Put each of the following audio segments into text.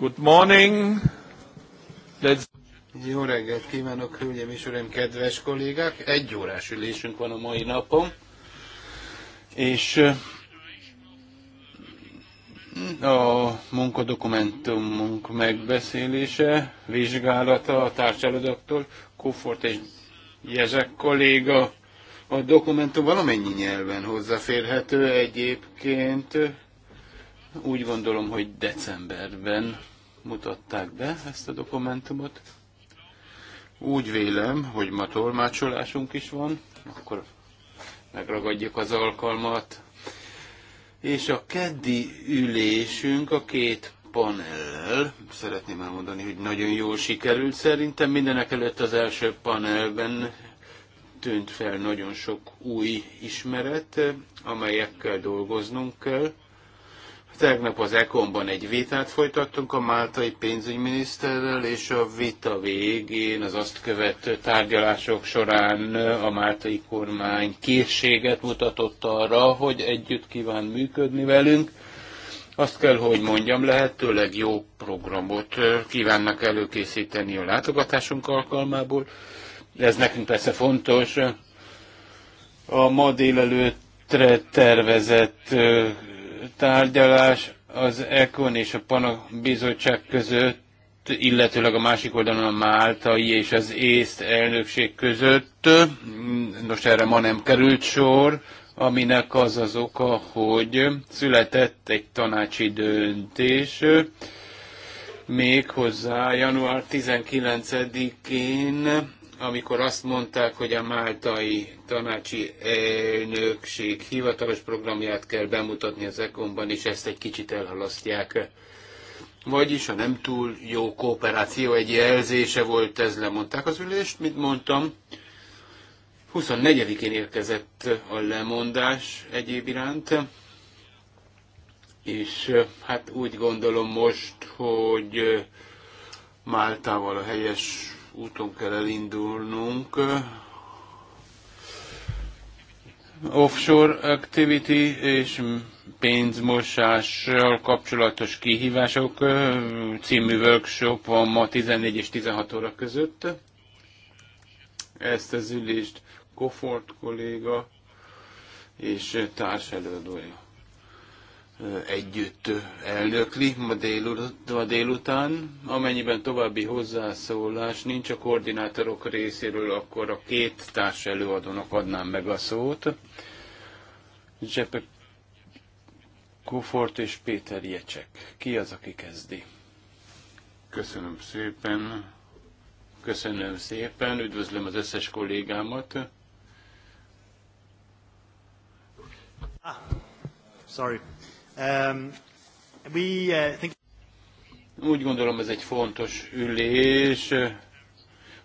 Good morning. Let's... Jó reggelt kívánok, hölgyeim és uraim, kedves kollégák! Egy órás ülésünk van a mai napon, és eh, a munkadokumentumunk megbeszélése, vizsgálata a társadalmaktól, Kofort és Jezek kolléga a dokumentum valamennyi nyelven hozzáférhető egyébként. Úgy gondolom, hogy decemberben mutatták be ezt a dokumentumot. Úgy vélem, hogy ma tolmácsolásunk is van, akkor megragadjuk az alkalmat. És a keddi ülésünk a két panellel. Szeretném elmondani, hogy nagyon jól sikerült. Szerintem mindenek előtt az első panelben tűnt fel nagyon sok új ismeret, amelyekkel dolgoznunk kell. Tegnap az Ekonban egy vitát folytattunk a máltai pénzügyminiszterrel, és a vita végén, az azt követő tárgyalások során a máltai kormány készséget mutatott arra, hogy együtt kíván működni velünk. Azt kell, hogy mondjam, lehetőleg jó programot kívánnak előkészíteni a látogatásunk alkalmából. Ez nekünk persze fontos. A ma délelőtt tervezett tárgyalás az ECON és a PANA bizottság között, illetőleg a másik oldalon a Máltai és az észt elnökség között. Nos, erre ma nem került sor, aminek az az oka, hogy született egy tanácsi döntés, méghozzá január 19-én amikor azt mondták, hogy a máltai tanácsi elnökség hivatalos programját kell bemutatni az ekonban, és ezt egy kicsit elhalasztják. Vagyis a nem túl jó kooperáció egy jelzése volt, ez lemondták az ülést, mint mondtam. 24-én érkezett a lemondás egyéb iránt, és hát úgy gondolom most, hogy Máltával a helyes úton kell elindulnunk. Offshore activity és pénzmosással kapcsolatos kihívások című workshop van ma 14 és 16 óra között. Ezt az ülést Kofort kolléga és Társelődője együtt elnökli ma, délut- ma délután. Amennyiben további hozzászólás nincs a koordinátorok részéről, akkor a két társ előadónak adnám meg a szót. Zsepe Kufort és Péter Jecsek. Ki az, aki kezdi? Köszönöm szépen. Köszönöm szépen. Üdvözlöm az összes kollégámat. Ah, sorry. Um, we, uh, think... Úgy gondolom ez egy fontos ülés,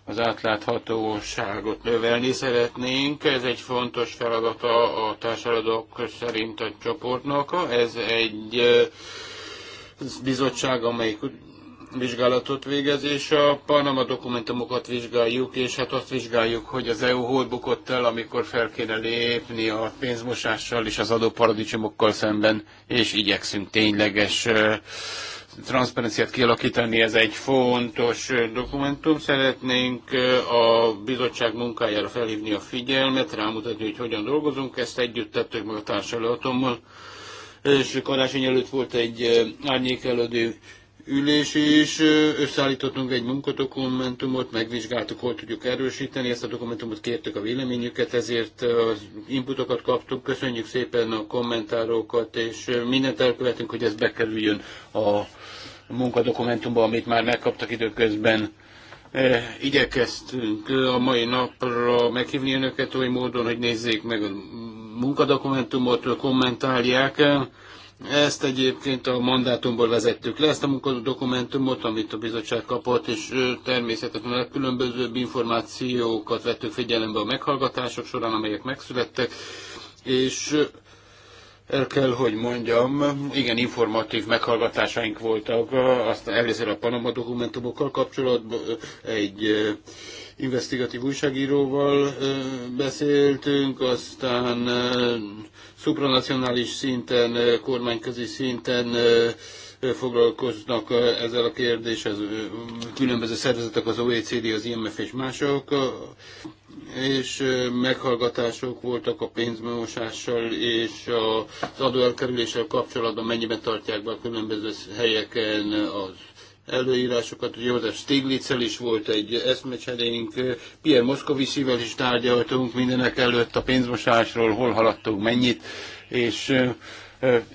az átláthatóságot növelni szeretnénk. Ez egy fontos feladata a társadalmak szerint a csoportnak. Ez egy uh, bizottság, amelyik vizsgálatot végez, és a Panama dokumentumokat vizsgáljuk, és hát azt vizsgáljuk, hogy az EU hol bukott el, amikor fel kéne lépni a pénzmosással és az adóparadicsomokkal szemben, és igyekszünk tényleges transzparenciát kialakítani, ez egy fontos dokumentum. Szeretnénk a bizottság munkájára felhívni a figyelmet, rámutatni, hogy hogyan dolgozunk, ezt együtt tettük meg a társadalommal. És karácsony előtt volt egy árnyékelődő ülés is, összeállítottunk egy munkadokumentumot, megvizsgáltuk, hol tudjuk erősíteni, ezt a dokumentumot kértük a véleményüket, ezért az inputokat kaptuk, köszönjük szépen a kommentárokat, és mindent elkövetünk, hogy ez bekerüljön a munkadokumentumba, amit már megkaptak időközben. Igyekeztünk a mai napra meghívni önöket oly módon, hogy nézzék meg a munkadokumentumot, kommentálják ezt egyébként a mandátumból vezettük le, ezt a munkadokumentumot, amit a bizottság kapott, és természetesen a különbözőbb információkat vettük figyelembe a meghallgatások során, amelyek megszülettek, és el kell, hogy mondjam, igen, informatív meghallgatásaink voltak, aztán először a Panama dokumentumokkal kapcsolatban egy investigatív újságíróval beszéltünk, aztán szupranacionális szinten, kormányközi szinten foglalkoznak ezzel a az különböző szervezetek, az OECD, az IMF és mások, és meghallgatások voltak a pénzmosással és az adóelkerüléssel kapcsolatban, mennyiben tartják be a különböző helyeken az előírásokat. Ugye oda Stiglitzel is volt egy eszmecserénk, Pierre Moszkoviszivel is tárgyaltunk mindenek előtt a pénzmosásról, hol haladtunk, mennyit, és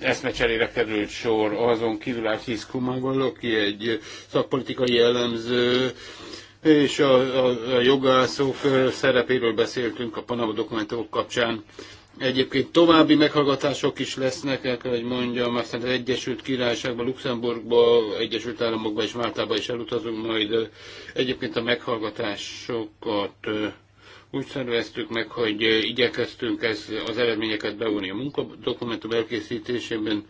eszmecserére került sor azon kívül Árszísz aki egy szakpolitikai jellemző, és a, a, a jogászok szerepéről beszéltünk a Panama dokumentumok kapcsán. Egyébként további meghallgatások is lesznek, el kell, hogy mondjam, aztán az Egyesült királyságban Luxemburgba, Egyesült Államokba és Máltában is elutazunk majd. Egyébként a meghallgatásokat úgy szerveztük meg, hogy igyekeztünk ez, az eredményeket beúni a munkadokumentum elkészítésében.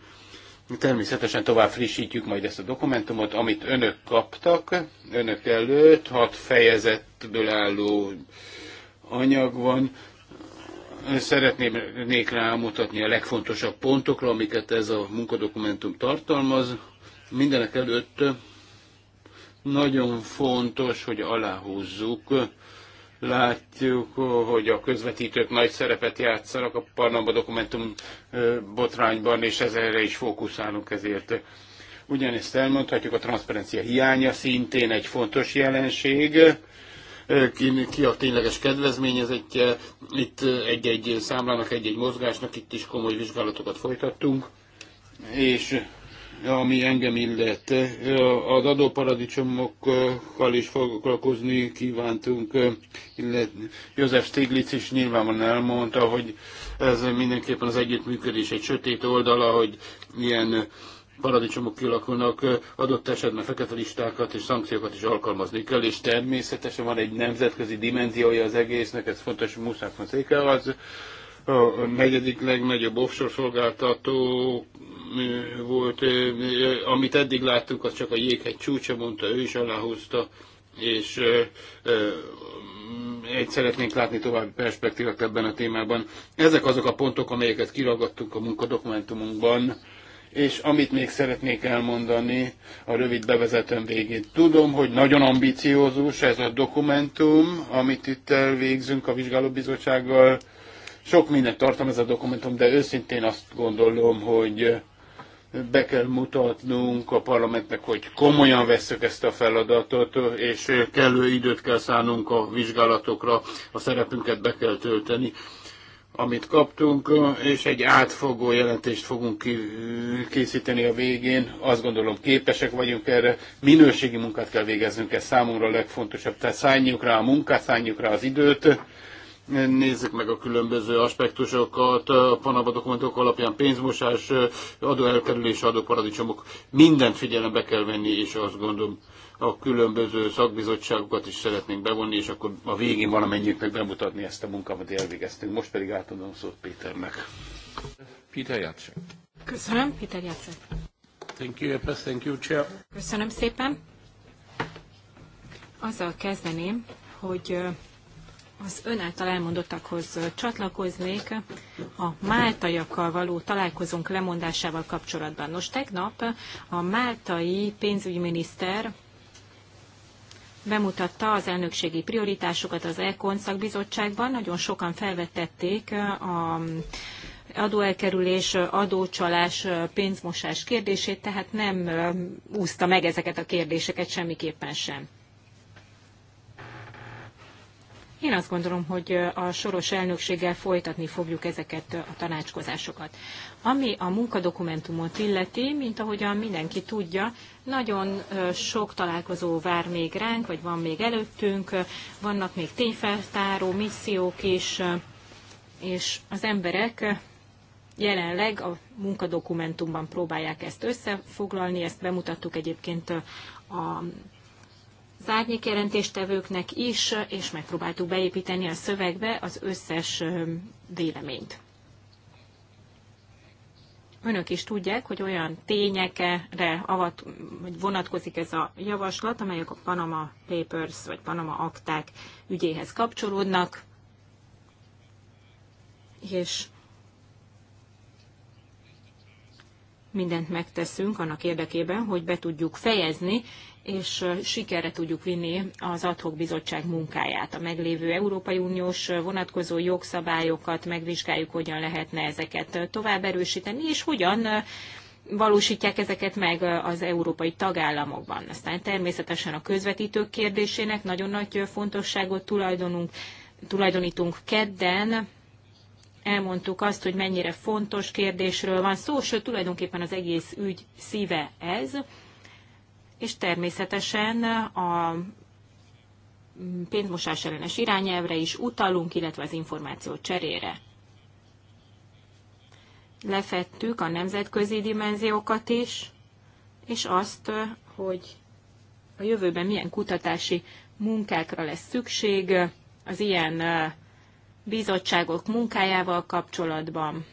Természetesen tovább frissítjük majd ezt a dokumentumot, amit önök kaptak, önök előtt, hat fejezetből álló anyag van. Szeretnék rámutatni a legfontosabb pontokra, amiket ez a munkadokumentum tartalmaz. Mindenek előtt nagyon fontos, hogy aláhúzzuk, látjuk, hogy a közvetítők nagy szerepet játszanak a Panama dokumentum botrányban, és ez is fókuszálunk ezért. Ugyanezt elmondhatjuk, a transzparencia hiánya szintén egy fontos jelenség ki, ki a tényleges kedvezményezettje. Itt egy-egy számlának, egy-egy mozgásnak itt is komoly vizsgálatokat folytattunk, és ami engem illet, az adóparadicsomokkal is foglalkozni kívántunk, illetve József Stiglitz is nyilvánvalóan elmondta, hogy ez mindenképpen az együttműködés egy sötét oldala, hogy ilyen paradicsomok kialakulnak, adott esetben fekete listákat és szankciókat is alkalmazni kell, és természetesen van egy nemzetközi dimenziója az egésznek, ez fontos Muszák Fonszéka, az a negyedik legnagyobb offshore szolgáltató volt, amit eddig láttuk, az csak a jéghegy csúcsa, mondta, ő is aláhúzta, és egy szeretnénk látni további perspektívát ebben a témában. Ezek azok a pontok, amelyeket kiragadtunk a munkadokumentumunkban, és amit még szeretnék elmondani a rövid bevezetőm végén. Tudom, hogy nagyon ambiciózus ez a dokumentum, amit itt elvégzünk a vizsgálóbizottsággal. Sok mindent ez a dokumentum, de őszintén azt gondolom, hogy be kell mutatnunk a parlamentnek, hogy komolyan veszük ezt a feladatot, és kellő időt kell szánnunk a vizsgálatokra, a szerepünket be kell tölteni amit kaptunk, és egy átfogó jelentést fogunk készíteni a végén. Azt gondolom képesek vagyunk erre. Minőségi munkát kell végeznünk, ez számomra a legfontosabb. Tehát szálljunk rá a munkát, szálljunk rá az időt, Nézzük meg a különböző aspektusokat, a Panama dokumentok alapján pénzmosás, adóelkerülés, adóparadicsomok, mindent figyelembe kell venni, és azt gondolom, a különböző szakbizottságokat is szeretnénk bevonni, és akkor a végén valamennyiüknek bemutatni ezt a munkát, amit elvégeztünk. Most pedig átadom szót Péternek. Péter Jacek. Köszönöm, Péter Jacek. Thank you, thank you, Chair. Köszönöm szépen. Azzal kezdeném, hogy az ön által elmondottakhoz csatlakoznék a máltaiakkal való találkozónk lemondásával kapcsolatban. Nos, tegnap a máltai pénzügyminiszter bemutatta az elnökségi prioritásokat az ECON szakbizottságban. Nagyon sokan felvetették a adóelkerülés, adócsalás, pénzmosás kérdését, tehát nem úszta meg ezeket a kérdéseket semmiképpen sem. Én azt gondolom, hogy a soros elnökséggel folytatni fogjuk ezeket a tanácskozásokat. Ami a munkadokumentumot illeti, mint ahogyan mindenki tudja, nagyon sok találkozó vár még ránk, vagy van még előttünk, vannak még tényfeltáró missziók is, és az emberek jelenleg a munkadokumentumban próbálják ezt összefoglalni, ezt bemutattuk egyébként a az árnyék is, és megpróbáltuk beépíteni a szövegbe az összes véleményt. Önök is tudják, hogy olyan tényekre avat, vagy vonatkozik ez a javaslat, amelyek a Panama Papers vagy Panama akták ügyéhez kapcsolódnak, és mindent megteszünk annak érdekében, hogy be tudjuk fejezni és sikerre tudjuk vinni az adhok bizottság munkáját. A meglévő Európai Uniós vonatkozó jogszabályokat megvizsgáljuk, hogyan lehetne ezeket tovább erősíteni, és hogyan valósítják ezeket meg az európai tagállamokban. Aztán természetesen a közvetítők kérdésének nagyon nagy fontosságot tulajdonunk, tulajdonítunk kedden, elmondtuk azt, hogy mennyire fontos kérdésről van szó, sőt tulajdonképpen az egész ügy szíve ez és természetesen a pénzmosás ellenes irányelvre is utalunk, illetve az információ cserére. Lefettük a nemzetközi dimenziókat is, és azt, hogy a jövőben milyen kutatási munkákra lesz szükség az ilyen bizottságok munkájával kapcsolatban.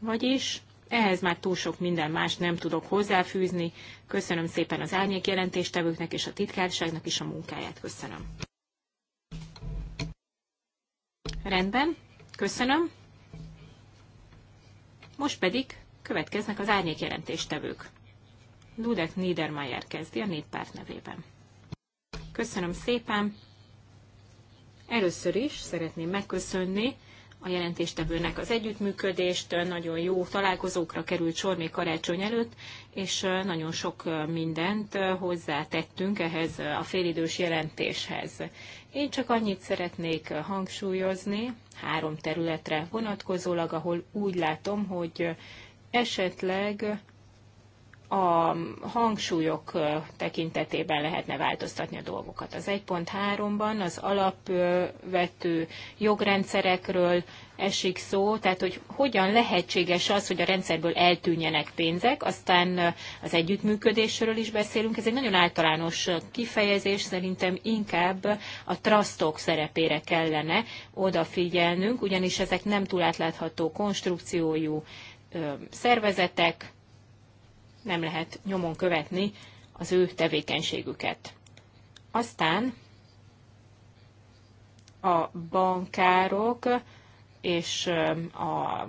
Vagyis ehhez már túl sok minden más nem tudok hozzáfűzni. Köszönöm szépen az árnyék jelentéstevőknek és a titkárságnak is a munkáját. Köszönöm. Rendben, köszönöm. Most pedig következnek az árnyék jelentéstevők. Ludek Niedermayer kezdi a néppárt nevében. Köszönöm szépen. Először is szeretném megköszönni a jelentéstevőnek az együttműködést, nagyon jó találkozókra került sor még karácsony előtt, és nagyon sok mindent hozzátettünk ehhez a félidős jelentéshez. Én csak annyit szeretnék hangsúlyozni, három területre vonatkozólag, ahol úgy látom, hogy esetleg a hangsúlyok tekintetében lehetne változtatni a dolgokat. Az 1.3-ban az alapvető jogrendszerekről esik szó, tehát hogy hogyan lehetséges az, hogy a rendszerből eltűnjenek pénzek, aztán az együttműködésről is beszélünk. Ez egy nagyon általános kifejezés, szerintem inkább a trustok szerepére kellene odafigyelnünk, ugyanis ezek nem túl átlátható konstrukciójú szervezetek, nem lehet nyomon követni az ő tevékenységüket. Aztán a bankárok és a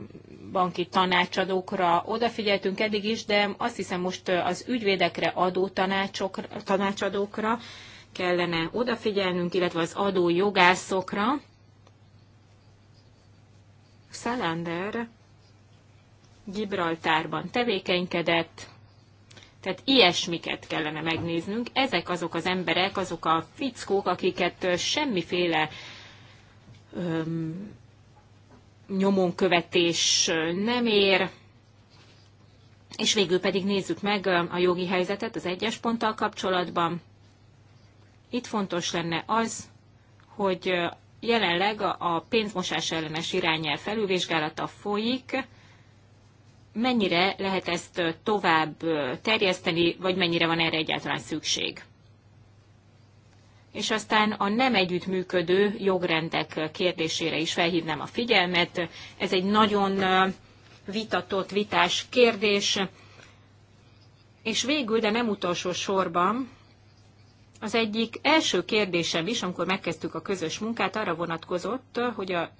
banki tanácsadókra odafigyeltünk eddig is, de azt hiszem most az ügyvédekre adó tanácsokra, tanácsadókra kellene odafigyelnünk, illetve az adó jogászokra. Szalander Gibraltárban tevékenykedett, tehát ilyesmiket kellene megnéznünk. Ezek azok az emberek, azok a fickók, akiket semmiféle öm, nyomonkövetés nem ér, és végül pedig nézzük meg a jogi helyzetet az egyes ponttal kapcsolatban. Itt fontos lenne az, hogy jelenleg a pénzmosás ellenes irányel felülvizsgálata folyik, mennyire lehet ezt tovább terjeszteni, vagy mennyire van erre egyáltalán szükség. És aztán a nem együttműködő jogrendek kérdésére is felhívnám a figyelmet. Ez egy nagyon vitatott, vitás kérdés. És végül, de nem utolsó sorban, az egyik első kérdésem is, amikor megkezdtük a közös munkát, arra vonatkozott, hogy a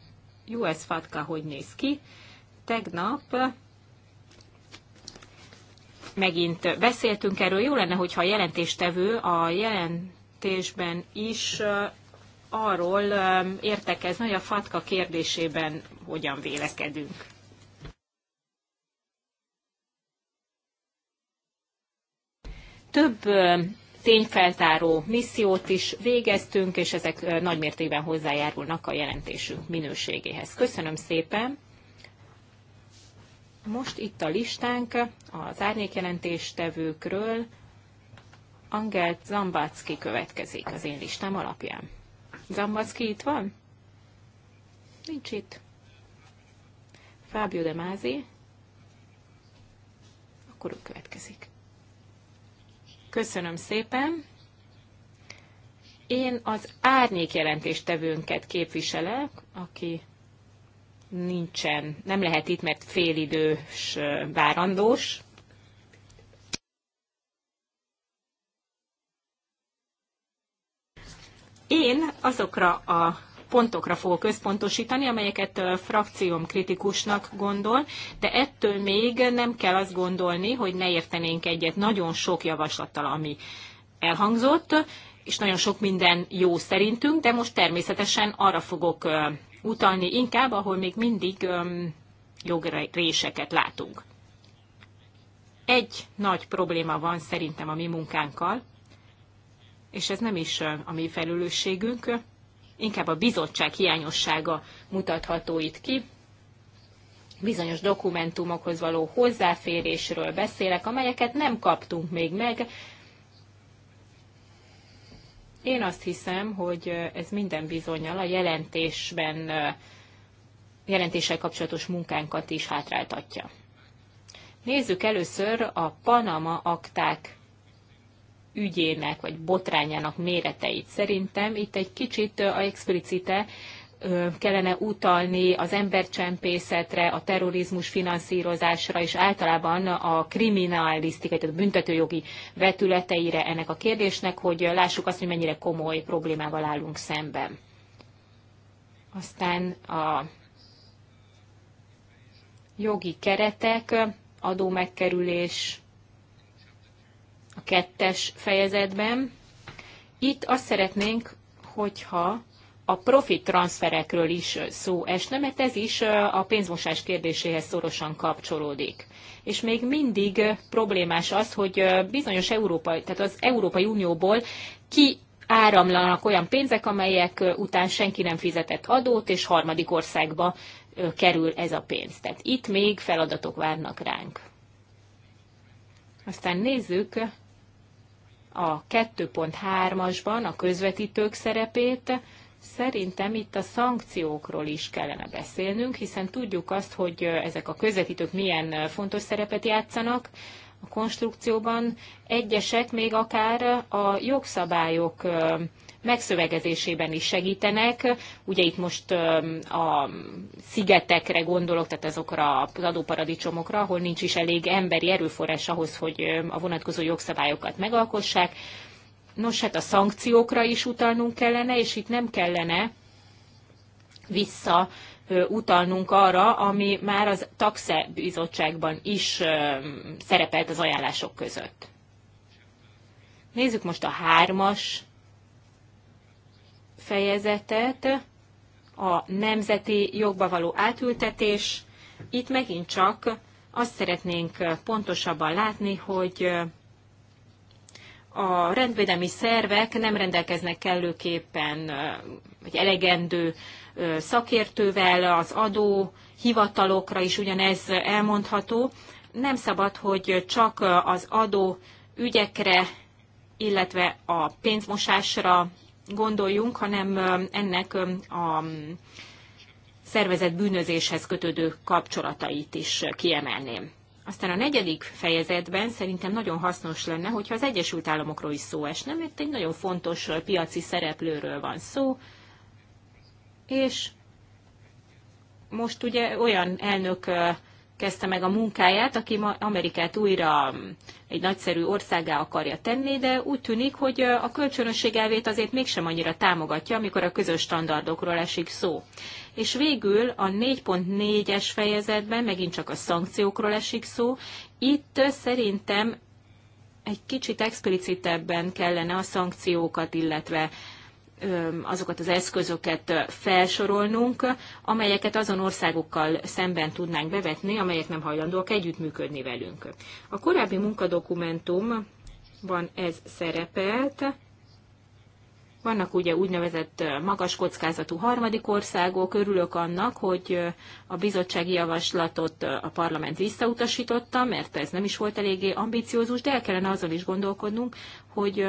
US FATCA hogy néz ki. Tegnap megint beszéltünk erről. Jó lenne, hogyha a jelentéstevő a jelentésben is arról értekezne, hogy a FATKA kérdésében hogyan vélekedünk. Több tényfeltáró missziót is végeztünk, és ezek nagymértékben hozzájárulnak a jelentésünk minőségéhez. Köszönöm szépen! Most itt a listánk az árnyékjelentéstevőkről Angel Zambacki következik az én listám alapján. Zambacki itt van? Nincs itt. Fábio de Mázi. Akkor ő következik. Köszönöm szépen. Én az árnyékjelentéstevőnket képviselek, aki nincsen, nem lehet itt, mert félidős várandós. Én azokra a pontokra fogok központosítani, amelyeket frakcióm kritikusnak gondol, de ettől még nem kell azt gondolni, hogy ne értenénk egyet nagyon sok javaslattal, ami elhangzott, és nagyon sok minden jó szerintünk, de most természetesen arra fogok utalni inkább, ahol még mindig öm, jogréseket látunk. Egy nagy probléma van szerintem a mi munkánkkal, és ez nem is a mi felelősségünk, inkább a bizottság hiányossága mutatható itt ki. Bizonyos dokumentumokhoz való hozzáférésről beszélek, amelyeket nem kaptunk még meg, én azt hiszem, hogy ez minden bizonyal a jelentésben, jelentéssel kapcsolatos munkánkat is hátráltatja. Nézzük először a Panama akták ügyének vagy botrányának méreteit. Szerintem itt egy kicsit eh, a explicite kellene utalni az embercsempészetre, a terrorizmus finanszírozásra és általában a kriminalisztikai, tehát a büntetőjogi vetületeire ennek a kérdésnek, hogy lássuk azt, hogy mennyire komoly problémával állunk szemben. Aztán a jogi keretek, adómegkerülés a kettes fejezetben. Itt azt szeretnénk, hogyha a profit transferekről is szó esne, mert ez is a pénzmosás kérdéséhez szorosan kapcsolódik. És még mindig problémás az, hogy bizonyos Európai, tehát az Európai Unióból ki áramlanak olyan pénzek, amelyek után senki nem fizetett adót, és harmadik országba kerül ez a pénz. Tehát itt még feladatok várnak ránk. Aztán nézzük a 2.3-asban a közvetítők szerepét Szerintem itt a szankciókról is kellene beszélnünk, hiszen tudjuk azt, hogy ezek a közvetítők milyen fontos szerepet játszanak a konstrukcióban. Egyesek még akár a jogszabályok megszövegezésében is segítenek. Ugye itt most a szigetekre gondolok, tehát azokra az adóparadicsomokra, ahol nincs is elég emberi erőforrás ahhoz, hogy a vonatkozó jogszabályokat megalkossák. Nos, hát a szankciókra is utalnunk kellene, és itt nem kellene vissza utalnunk arra, ami már az taxe bizottságban is szerepelt az ajánlások között. Nézzük most a hármas fejezetet, a nemzeti jogba való átültetés. Itt megint csak azt szeretnénk pontosabban látni, hogy a rendvédelmi szervek nem rendelkeznek kellőképpen egy elegendő szakértővel, az adó hivatalokra is ugyanez elmondható. Nem szabad, hogy csak az adó ügyekre, illetve a pénzmosásra gondoljunk, hanem ennek a szervezet bűnözéshez kötődő kapcsolatait is kiemelném. Aztán a negyedik fejezetben szerintem nagyon hasznos lenne, hogyha az Egyesült Államokról is szó esne, mert egy nagyon fontos piaci szereplőről van szó, és most ugye olyan elnök kezdte meg a munkáját, aki ma Amerikát újra egy nagyszerű országá akarja tenni, de úgy tűnik, hogy a kölcsönösség elvét azért mégsem annyira támogatja, amikor a közös standardokról esik szó. És végül a 4.4-es fejezetben megint csak a szankciókról esik szó. Itt szerintem egy kicsit explicitebben kellene a szankciókat, illetve azokat az eszközöket felsorolnunk, amelyeket azon országokkal szemben tudnánk bevetni, amelyek nem hajlandóak együttműködni velünk. A korábbi munkadokumentumban ez szerepelt, vannak ugye úgynevezett magas kockázatú harmadik országok, örülök annak, hogy a bizottsági javaslatot a parlament visszautasította, mert ez nem is volt eléggé ambiciózus, de el kellene azon is gondolkodnunk, hogy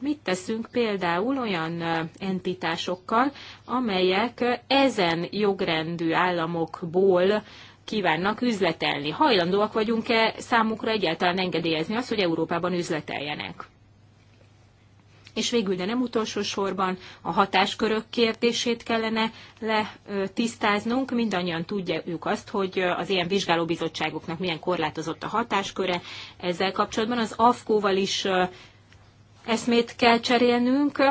Mit teszünk például olyan entitásokkal, amelyek ezen jogrendű államokból kívánnak üzletelni? Hajlandóak vagyunk-e számukra egyáltalán engedélyezni azt, hogy Európában üzleteljenek? és végül, de nem utolsó sorban a hatáskörök kérdését kellene letisztáznunk. Mindannyian tudjuk azt, hogy az ilyen vizsgálóbizottságoknak milyen korlátozott a hatásköre. Ezzel kapcsolatban az AFKO-val is eszmét kell cserélnünk,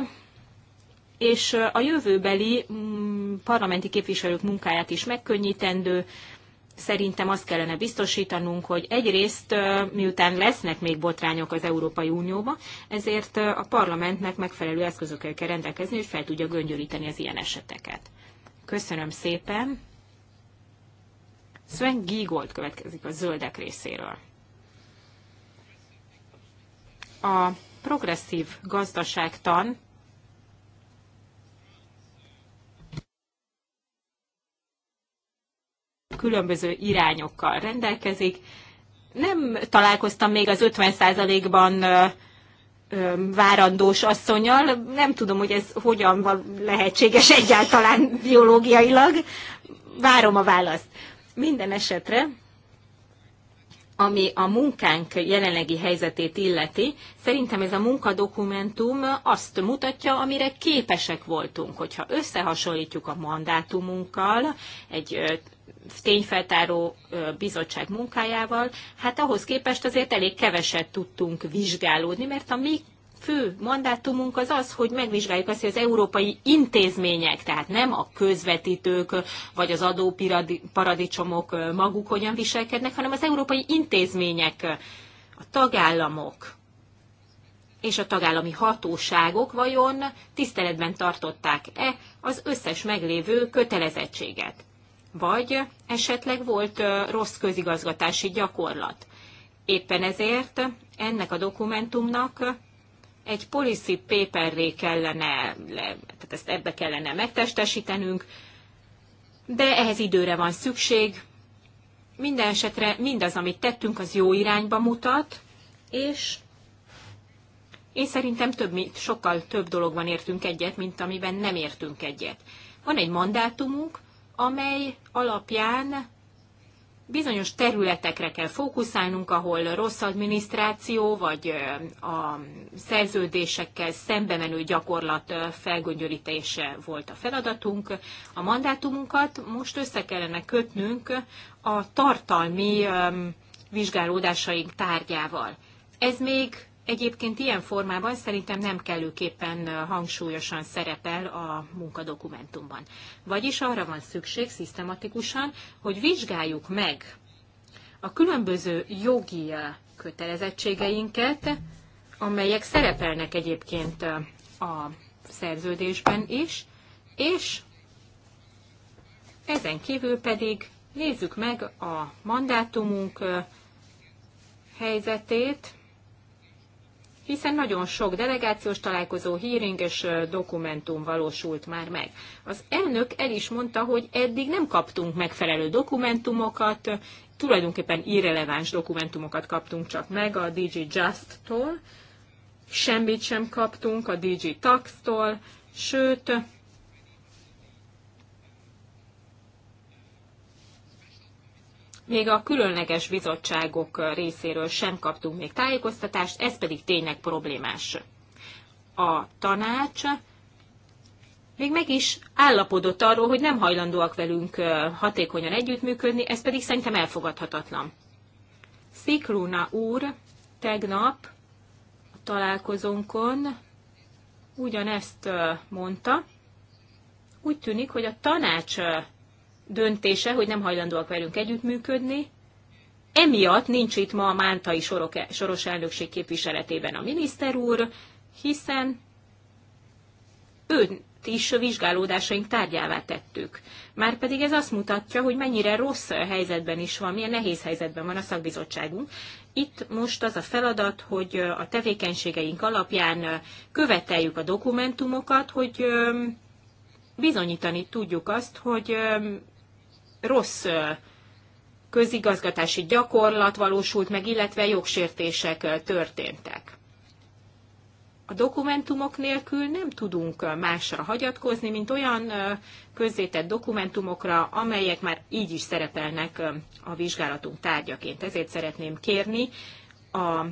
és a jövőbeli mm, parlamenti képviselők munkáját is megkönnyítendő. Szerintem azt kellene biztosítanunk, hogy egyrészt miután lesznek még botrányok az Európai Unióba, ezért a parlamentnek megfelelő eszközökkel kell rendelkezni, hogy fel tudja göngyölíteni az ilyen eseteket. Köszönöm szépen. Sven Giegold következik a zöldek részéről. A progresszív gazdaságtan különböző irányokkal rendelkezik. Nem találkoztam még az 50%-ban várandós asszonyal. Nem tudom, hogy ez hogyan van lehetséges egyáltalán biológiailag. Várom a választ. Minden esetre ami a munkánk jelenlegi helyzetét illeti, szerintem ez a munkadokumentum azt mutatja, amire képesek voltunk, hogyha összehasonlítjuk a mandátumunkkal, egy tényfeltáró bizottság munkájával, hát ahhoz képest azért elég keveset tudtunk vizsgálódni, mert a mi fő mandátumunk az az, hogy megvizsgáljuk azt, hogy az európai intézmények, tehát nem a közvetítők vagy az adóparadicsomok maguk hogyan viselkednek, hanem az európai intézmények, a tagállamok és a tagállami hatóságok vajon tiszteletben tartották-e az összes meglévő kötelezettséget? Vagy esetleg volt rossz közigazgatási gyakorlat? Éppen ezért ennek a dokumentumnak egy policy paperré kellene, tehát ezt ebbe kellene megtestesítenünk, de ehhez időre van szükség. Minden esetre mindaz, amit tettünk, az jó irányba mutat, és én szerintem több, sokkal több dologban értünk egyet, mint amiben nem értünk egyet. Van egy mandátumunk, amely alapján bizonyos területekre kell fókuszálnunk, ahol rossz adminisztráció vagy a szerződésekkel szembe menő gyakorlat felgöngyölítése volt a feladatunk. A mandátumunkat most össze kellene kötnünk a tartalmi vizsgálódásaink tárgyával. Ez még Egyébként ilyen formában szerintem nem kellőképpen hangsúlyosan szerepel a munkadokumentumban. Vagyis arra van szükség szisztematikusan, hogy vizsgáljuk meg a különböző jogi kötelezettségeinket, amelyek szerepelnek egyébként a szerződésben is, és ezen kívül pedig nézzük meg a mandátumunk helyzetét, hiszen nagyon sok delegációs találkozó, hearing és dokumentum valósult már meg. Az elnök el is mondta, hogy eddig nem kaptunk megfelelő dokumentumokat, tulajdonképpen irreleváns dokumentumokat kaptunk csak meg a DG Just-tól, semmit sem kaptunk a DG Tax-tól, sőt, még a különleges bizottságok részéről sem kaptunk még tájékoztatást, ez pedig tényleg problémás. A tanács még meg is állapodott arról, hogy nem hajlandóak velünk hatékonyan együttműködni, ez pedig szerintem elfogadhatatlan. Sziklóna úr tegnap a találkozónkon ugyanezt mondta. Úgy tűnik, hogy a tanács döntése, hogy nem hajlandóak velünk együttműködni. Emiatt nincs itt ma a Mántai e- Soros elnökség képviseletében a miniszter úr, hiszen őt is vizsgálódásaink tárgyává tettük. Márpedig ez azt mutatja, hogy mennyire rossz helyzetben is van, milyen nehéz helyzetben van a szakbizottságunk. Itt most az a feladat, hogy a tevékenységeink alapján követeljük a dokumentumokat, hogy bizonyítani tudjuk azt, hogy rossz közigazgatási gyakorlat valósult meg, illetve jogsértések történtek. A dokumentumok nélkül nem tudunk másra hagyatkozni, mint olyan közzétett dokumentumokra, amelyek már így is szerepelnek a vizsgálatunk tárgyaként. Ezért szeretném kérni a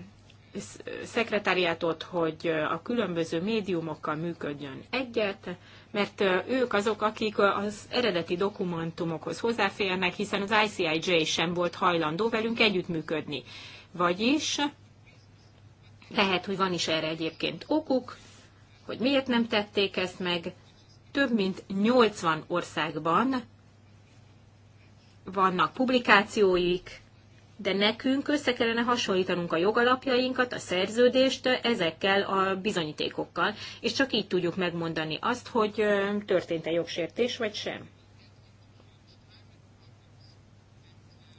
szekretáriátot, hogy a különböző médiumokkal működjön egyet, mert ők azok, akik az eredeti dokumentumokhoz hozzáférnek, hiszen az ICIJ sem volt hajlandó velünk együttműködni. Vagyis lehet, hogy van is erre egyébként okuk, hogy miért nem tették ezt meg. Több mint 80 országban vannak publikációik, de nekünk össze kellene hasonlítanunk a jogalapjainkat, a szerződést ezekkel a bizonyítékokkal, és csak így tudjuk megmondani azt, hogy történt-e jogsértés vagy sem.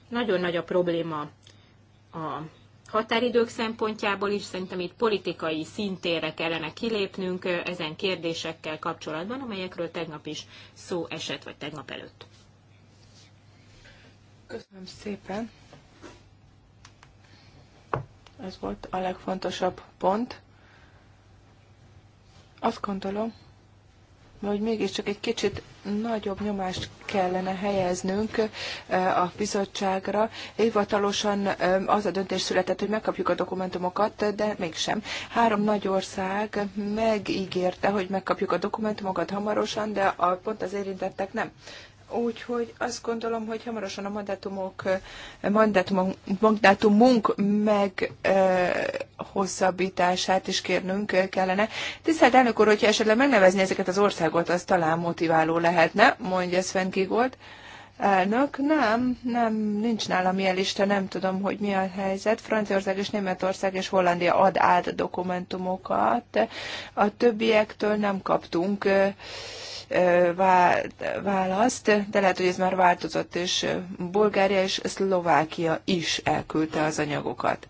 Nagyon nagy a probléma a határidők szempontjából is, szerintem itt politikai szintére kellene kilépnünk ezen kérdésekkel kapcsolatban, amelyekről tegnap is szó esett, vagy tegnap előtt. Köszönöm szépen ez volt a legfontosabb pont. Azt gondolom, hogy mégiscsak egy kicsit nagyobb nyomást kellene helyeznünk a bizottságra. Hivatalosan az a döntés született, hogy megkapjuk a dokumentumokat, de mégsem. Három nagy ország megígérte, hogy megkapjuk a dokumentumokat hamarosan, de a, pont az érintettek nem. Úgyhogy azt gondolom, hogy hamarosan a mandátumok, mandátumunk, mandátumunk meg hosszabbítását is kérnünk kellene. Tisztelt elnök úr, hogyha esetleg megnevezni ezeket az országot, az talán motiváló lehetne, mondja Sven Kigold. Elnök, nem, nem, nincs nálam ilyen lista, nem tudom, hogy mi a helyzet. Franciaország és Németország és Hollandia ad át dokumentumokat. A többiektől nem kaptunk választ, de lehet, hogy ez már változott, és Bulgária és Szlovákia is elküldte az anyagokat.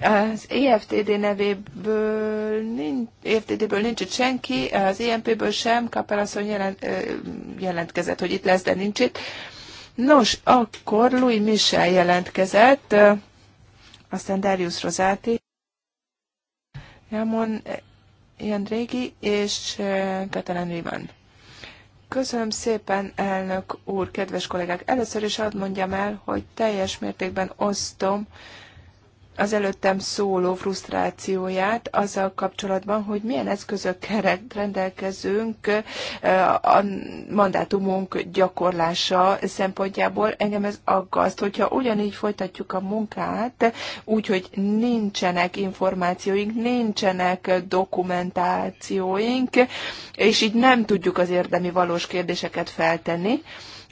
Az EFTD nevéből nincs, EFTD-ből nincs itt senki, az EMP-ből sem, Kapelasszony jelent, jelentkezett, hogy itt lesz, de nincs itt. Nos, akkor Louis Michel jelentkezett aztán Darius Rozáti, Jamon Jandrégi és Katalin Rivan. Köszönöm szépen, elnök úr, kedves kollégák! Először is azt mondjam el, hogy teljes mértékben osztom az előttem szóló frusztrációját azzal kapcsolatban, hogy milyen eszközökkel rendelkezünk eh, a mandátumunk gyakorlása szempontjából. Engem ez aggaszt, hogyha ugyanígy folytatjuk a munkát, úgyhogy nincsenek információink, nincsenek dokumentációink, és így nem tudjuk az érdemi valós kérdéseket feltenni,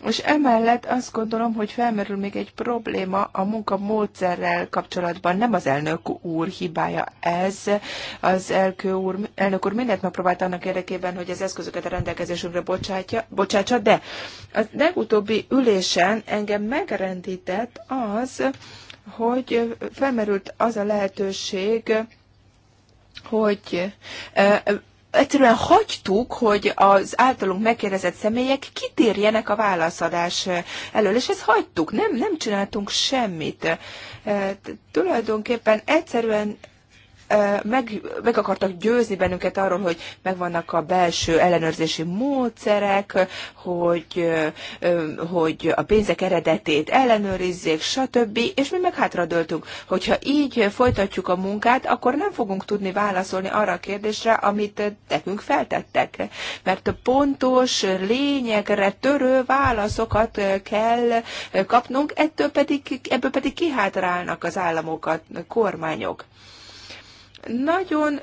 és emellett azt gondolom, hogy felmerül még egy probléma a munka módszerrel kapcsolatban. Nem az elnök úr hibája ez. Az elnök úr, elnök úr mindent megpróbált annak érdekében, hogy az eszközöket a rendelkezésünkre bocsátja, bocsátsa, de a legutóbbi ülésen engem megrendített az, hogy felmerült az a lehetőség, hogy egyszerűen hagytuk, hogy az általunk megkérdezett személyek kitérjenek a válaszadás elől, és ezt hagytuk, nem, nem csináltunk semmit. E, tulajdonképpen egyszerűen meg, meg akartak győzni bennünket arról, hogy megvannak a belső ellenőrzési módszerek, hogy, hogy a pénzek eredetét ellenőrizzék, stb. És mi meg hátradöltünk, hogyha így folytatjuk a munkát, akkor nem fogunk tudni válaszolni arra a kérdésre, amit nekünk feltettek. Mert pontos, lényegre törő válaszokat kell kapnunk, ettől pedig, ebből pedig kihátrálnak az államok, a kormányok. Nagyon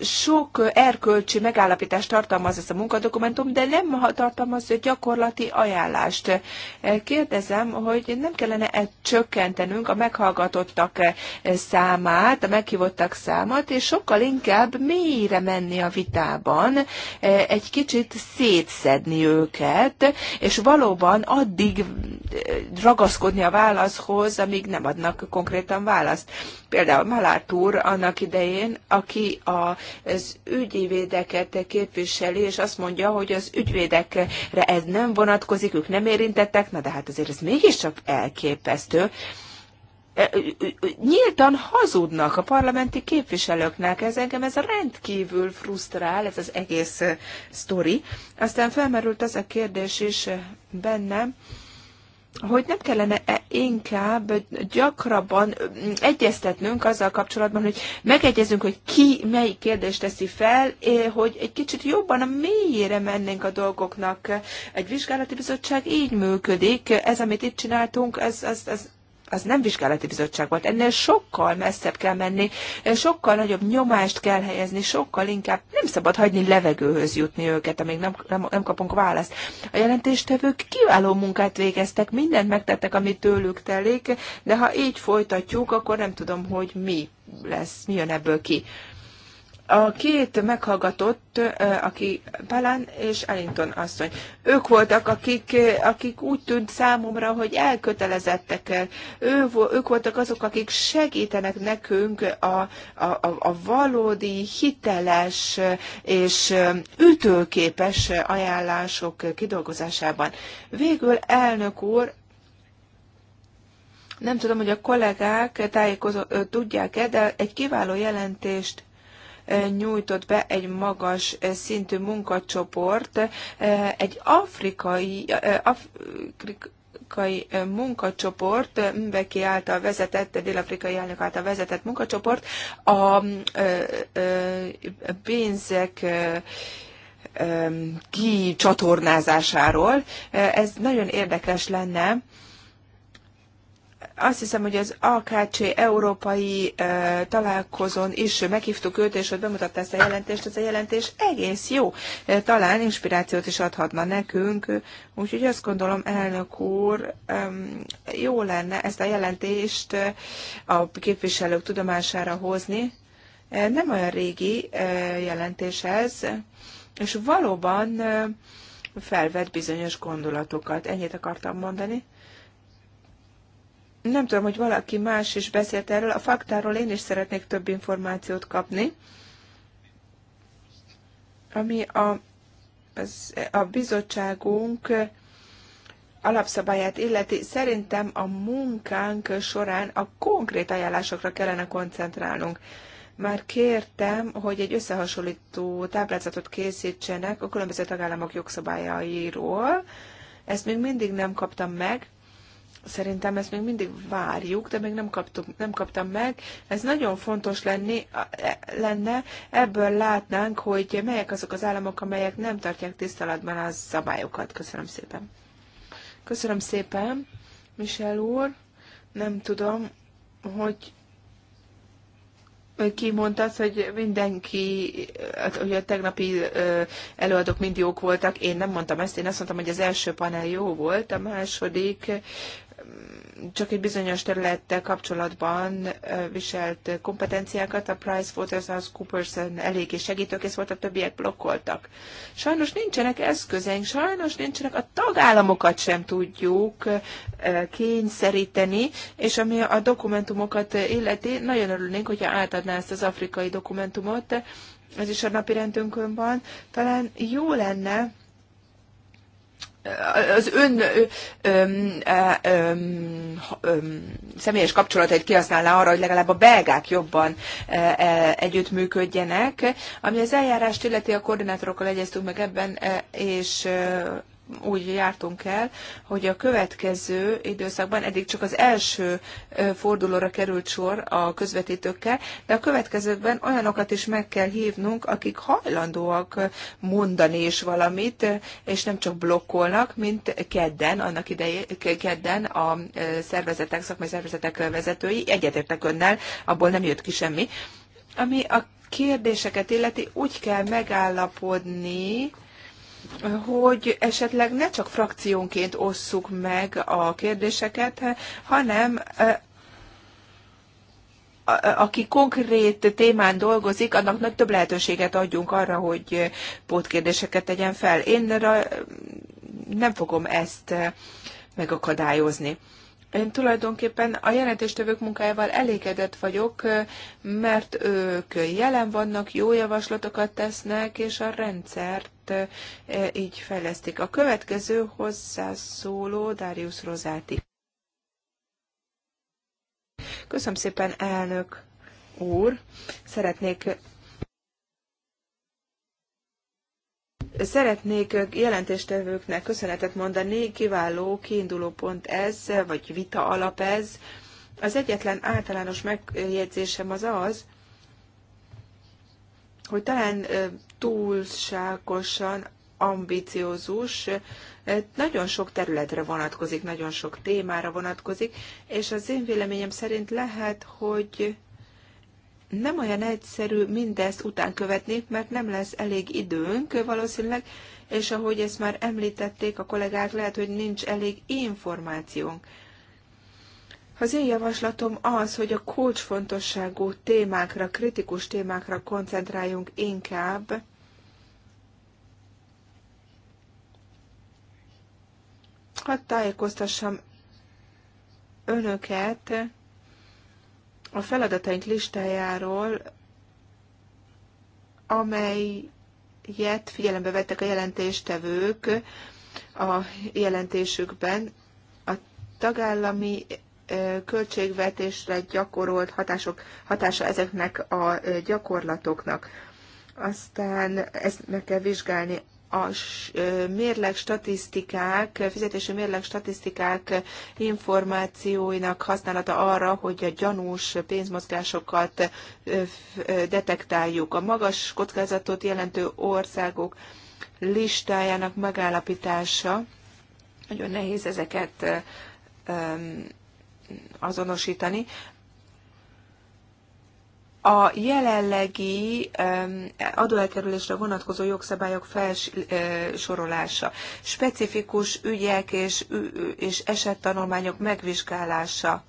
sok erkölcsi megállapítást tartalmaz ez a munkadokumentum, de nem tartalmaz gyakorlati ajánlást. Kérdezem, hogy nem kellene -e csökkentenünk a meghallgatottak számát, a meghívottak számát, és sokkal inkább mélyre menni a vitában, egy kicsit szétszedni őket, és valóban addig ragaszkodni a válaszhoz, amíg nem adnak konkrétan választ. Például Malártúr annak idején, elején, aki az ügyvédeket képviseli, és azt mondja, hogy az ügyvédekre ez nem vonatkozik, ők nem érintettek, na de hát azért ez mégiscsak elképesztő e, nyíltan hazudnak a parlamenti képviselőknek. Ez engem ez rendkívül frusztrál, ez az egész e, sztori. Aztán felmerült az a kérdés is e, bennem, hogy nem kellene -e inkább gyakrabban egyeztetnünk azzal kapcsolatban, hogy megegyezünk, hogy ki melyik kérdést teszi fel, hogy egy kicsit jobban a mélyére mennénk a dolgoknak. Egy vizsgálati bizottság így működik, ez, amit itt csináltunk, ez, ez, ez az nem vizsgálati bizottság volt. Ennél sokkal messzebb kell menni, sokkal nagyobb nyomást kell helyezni, sokkal inkább nem szabad hagyni levegőhöz jutni őket, amíg nem, nem, nem kapunk választ. A jelentéstevők kiváló munkát végeztek, mindent megtettek, amit tőlük telik, de ha így folytatjuk, akkor nem tudom, hogy mi lesz, mi jön ebből ki. A két meghallgatott, aki Palán és Ellington asszony, ők voltak, akik, akik úgy tűnt számomra, hogy elkötelezettek. Ő, ők voltak azok, akik segítenek nekünk a, a, a valódi, hiteles és ütőképes ajánlások kidolgozásában. Végül, elnök úr, nem tudom, hogy a kollégák tájékozó, tudják-e, de egy kiváló jelentést nyújtott be egy magas szintű munkacsoport egy afrikai, afrikai munkacsoport, Mbeki által vezetett, dél-afrikai elnök által vezetett munkacsoport a pénzek kicsatornázásáról. Ez nagyon érdekes lenne, azt hiszem, hogy az AKC európai e, találkozón is meghívtuk őt, és ott bemutatta ezt a jelentést. Ez a jelentés egész jó. E, talán inspirációt is adhatna nekünk. Úgyhogy azt gondolom, elnök úr, e, jó lenne ezt a jelentést a képviselők tudomására hozni. E, nem olyan régi e, jelentés ez, és valóban e, felvet bizonyos gondolatokat. Ennyit akartam mondani nem tudom, hogy valaki más is beszélt erről, a faktáról én is szeretnék több információt kapni, ami a, az, a bizottságunk alapszabályát illeti, szerintem a munkánk során a konkrét ajánlásokra kellene koncentrálnunk. Már kértem, hogy egy összehasonlító táblázatot készítsenek a különböző tagállamok jogszabályairól. Ezt még mindig nem kaptam meg, Szerintem ezt még mindig várjuk, de még nem, kaptuk, nem kaptam meg. Ez nagyon fontos lenni, e, lenne, ebből látnánk, hogy melyek azok az államok, amelyek nem tartják tiszteletben a szabályokat. Köszönöm szépen. Köszönöm szépen, Michel úr. Nem tudom, hogy ki mondta hogy mindenki, hát, hogy a tegnapi előadók mind jók voltak. Én nem mondtam ezt, én azt mondtam, hogy az első panel jó volt, a második csak egy bizonyos területtel kapcsolatban viselt kompetenciákat, a PricewaterhouseCoopers eléggé segítőkész volt, a többiek blokkoltak. Sajnos nincsenek eszközeink, sajnos nincsenek, a tagállamokat sem tudjuk kényszeríteni, és ami a dokumentumokat illeti, nagyon örülnénk, hogyha átadná ezt az afrikai dokumentumot, ez is a napirendünkön van. Talán jó lenne, az ön öm, öm, öm, személyes kapcsolatait kihasználná arra, hogy legalább a belgák jobban e, együttműködjenek. Ami az eljárást illeti, a koordinátorokkal egyeztünk meg ebben, és úgy jártunk el, hogy a következő időszakban eddig csak az első fordulóra került sor a közvetítőkkel, de a következőkben olyanokat is meg kell hívnunk, akik hajlandóak mondani is valamit, és nem csak blokkolnak, mint kedden, annak idején, kedden a szervezetek, szakmai szervezetek vezetői, egyetértek önnel, abból nem jött ki semmi, ami a kérdéseket illeti, úgy kell megállapodni, hogy esetleg ne csak frakciónként osszuk meg a kérdéseket, hanem aki konkrét témán dolgozik, annak nagy több lehetőséget adjunk arra, hogy pótkérdéseket tegyen fel. Én nem fogom ezt megakadályozni. Én tulajdonképpen a jelentéstövők munkájával elégedett vagyok, mert ők jelen vannak, jó javaslatokat tesznek, és a rendszert így fejlesztik. A következő hozzászóló Darius Rozáti. Köszönöm szépen, elnök úr. Szeretnék Szeretnék jelentéstevőknek köszönetet mondani, kiváló kiinduló pont ez, vagy vita alap ez. Az egyetlen általános megjegyzésem az az, hogy talán túlságosan ambiciózus, nagyon sok területre vonatkozik, nagyon sok témára vonatkozik, és az én véleményem szerint lehet, hogy nem olyan egyszerű mindezt után követni, mert nem lesz elég időnk valószínűleg, és ahogy ezt már említették a kollégák, lehet, hogy nincs elég információnk. Az én javaslatom az, hogy a kulcsfontosságú témákra, kritikus témákra koncentráljunk inkább, hadd tájékoztassam önöket a feladataink listájáról, amelyet figyelembe vettek a jelentéstevők a jelentésükben. A tagállami költségvetésre gyakorolt hatások, hatása ezeknek a gyakorlatoknak. Aztán ezt meg kell vizsgálni a mérleg statisztikák, fizetési mérleg statisztikák információinak használata arra, hogy a gyanús pénzmozgásokat detektáljuk. A magas kockázatot jelentő országok listájának megállapítása, nagyon nehéz ezeket azonosítani. A jelenlegi adóelkerülésre vonatkozó jogszabályok felsorolása, e, specifikus ügyek és, és esettanulmányok megvizsgálása,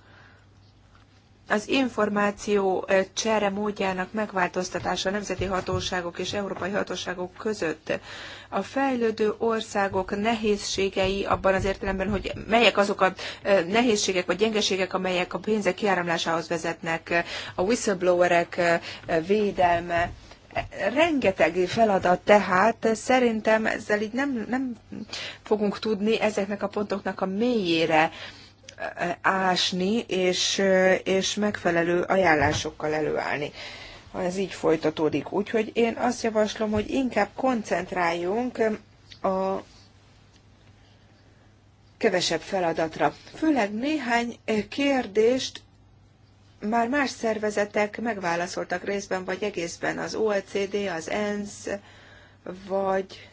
az információ csere módjának megváltoztatása a nemzeti hatóságok és európai hatóságok között. A fejlődő országok nehézségei abban az értelemben, hogy melyek azok a nehézségek vagy gyengeségek, amelyek a pénzek kiáramlásához vezetnek, a whistleblowerek védelme, rengeteg feladat tehát, szerintem ezzel így nem, nem fogunk tudni ezeknek a pontoknak a mélyére ásni, és, és megfelelő ajánlásokkal előállni ha ez így folytatódik. Úgyhogy én azt javaslom, hogy inkább koncentráljunk a kevesebb feladatra. Főleg néhány kérdést már más szervezetek megválaszoltak részben vagy egészben, az OECD, az ENSZ, vagy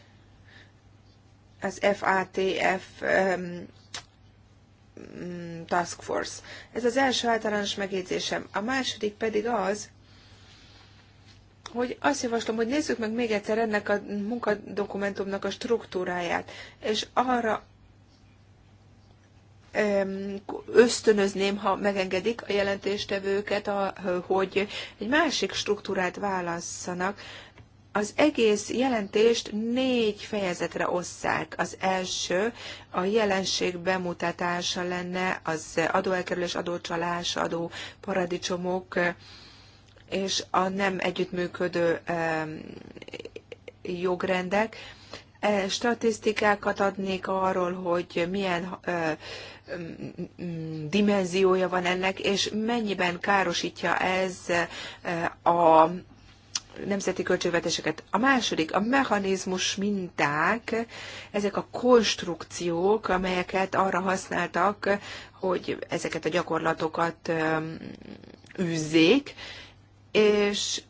az FATF Mm, task Force. Ez az első általános megjegyzésem. A második pedig az, hogy azt javaslom, hogy nézzük meg még egyszer ennek a munkadokumentumnak a struktúráját, és arra ösztönözném, ha megengedik a jelentéstevőket, a, hogy egy másik struktúrát válasszanak, az egész jelentést négy fejezetre osszák. Az első a jelenség bemutatása lenne, az adóelkerülés, adócsalás, adó paradicsomok és a nem együttműködő jogrendek. E, statisztikákat adnék arról, hogy milyen dimenziója van ennek, és mennyiben károsítja ez a nemzeti költségvetéseket. A második, a mechanizmus minták, ezek a konstrukciók, amelyeket arra használtak, hogy ezeket a gyakorlatokat űzzék, és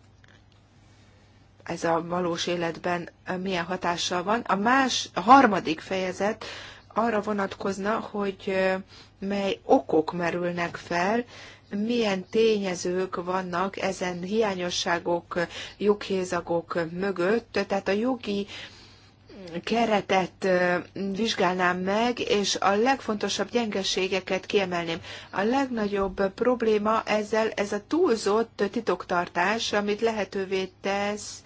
ez a valós életben milyen hatással van. A, más, a harmadik fejezet arra vonatkozna, hogy mely okok merülnek fel, milyen tényezők vannak ezen hiányosságok, joghézagok mögött, tehát a jogi keretet vizsgálnám meg, és a legfontosabb gyengeségeket kiemelném. A legnagyobb probléma ezzel ez a túlzott titoktartás, amit lehetővé tesz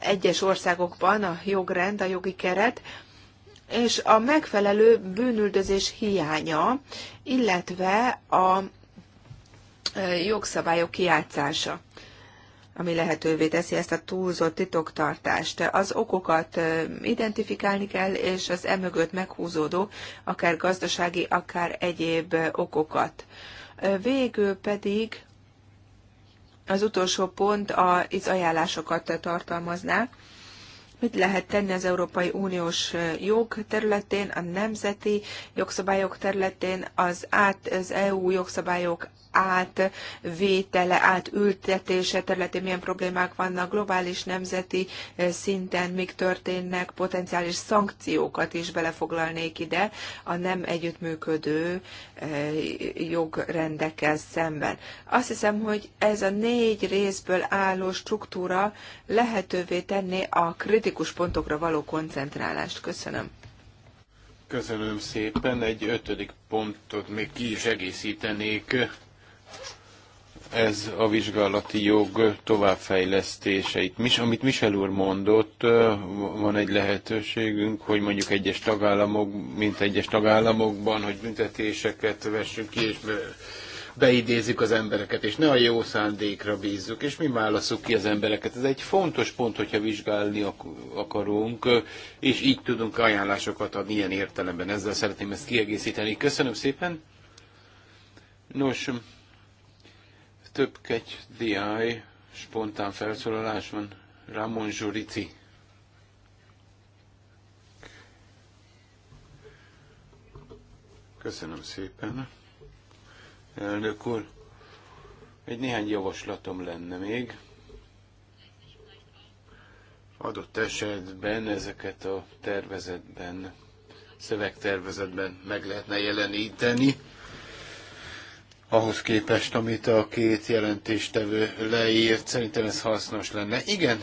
egyes országokban a jogrend, a jogi keret, és a megfelelő bűnüldözés hiánya, illetve a e, jogszabályok kiátszása ami lehetővé teszi ezt a túlzott titoktartást. Az okokat e, identifikálni kell, és az emögött meghúzódó, akár gazdasági, akár egyéb okokat. E, végül pedig az utolsó pont az ajánlásokat tartalmazná mit lehet tenni az Európai Uniós jog területén, a nemzeti jogszabályok területén, az, át, az EU jogszabályok átvétele, átültetése területén milyen problémák vannak globális, nemzeti eh, szinten, mik történnek, potenciális szankciókat is belefoglalnék ide a nem együttműködő eh, jogrendekkel szemben. Azt hiszem, hogy ez a négy részből álló struktúra lehetővé tenné a kritikus pontokra való koncentrálást. Köszönöm. Köszönöm szépen. Egy ötödik pontot még ki is egészítenék ez a vizsgálati jog továbbfejlesztéseit. Mis, amit Michel úr mondott, van egy lehetőségünk, hogy mondjuk egyes tagállamok, mint egyes tagállamokban, hogy büntetéseket vessünk ki, és beidézzük az embereket, és ne a jó szándékra bízzuk, és mi válaszuk ki az embereket. Ez egy fontos pont, hogyha vizsgálni akarunk, és így tudunk ajánlásokat adni ilyen értelemben. Ezzel szeretném ezt kiegészíteni. Köszönöm szépen. Nos, több kegy diáj, spontán felszólalás van. Ramon Zsurici. Köszönöm szépen. Elnök úr, egy néhány javaslatom lenne még. Adott esetben ezeket a tervezetben, szövegtervezetben meg lehetne jeleníteni ahhoz képest, amit a két jelentéstevő leírt, szerintem ez hasznos lenne. Igen,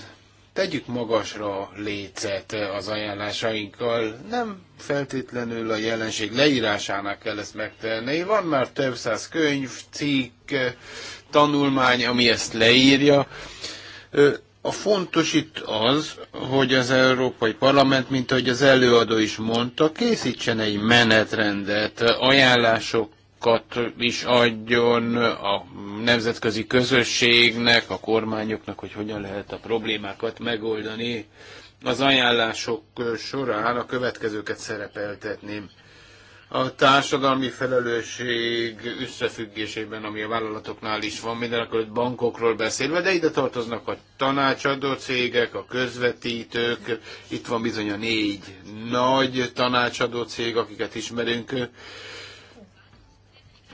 tegyük magasra a lécet az ajánlásainkkal. Nem feltétlenül a jelenség leírásának kell ezt megtenni. Van már több száz könyv, cikk, tanulmány, ami ezt leírja. A fontos itt az, hogy az Európai Parlament, mint ahogy az előadó is mondta, készítsen egy menetrendet ajánlások tanácsokat is adjon a nemzetközi közösségnek, a kormányoknak, hogy hogyan lehet a problémákat megoldani. Az ajánlások során a következőket szerepeltetném. A társadalmi felelősség összefüggésében, ami a vállalatoknál is van, mindenekelőtt bankokról beszélve, de ide tartoznak a tanácsadó cégek, a közvetítők, itt van bizony a négy nagy tanácsadó cég, akiket ismerünk,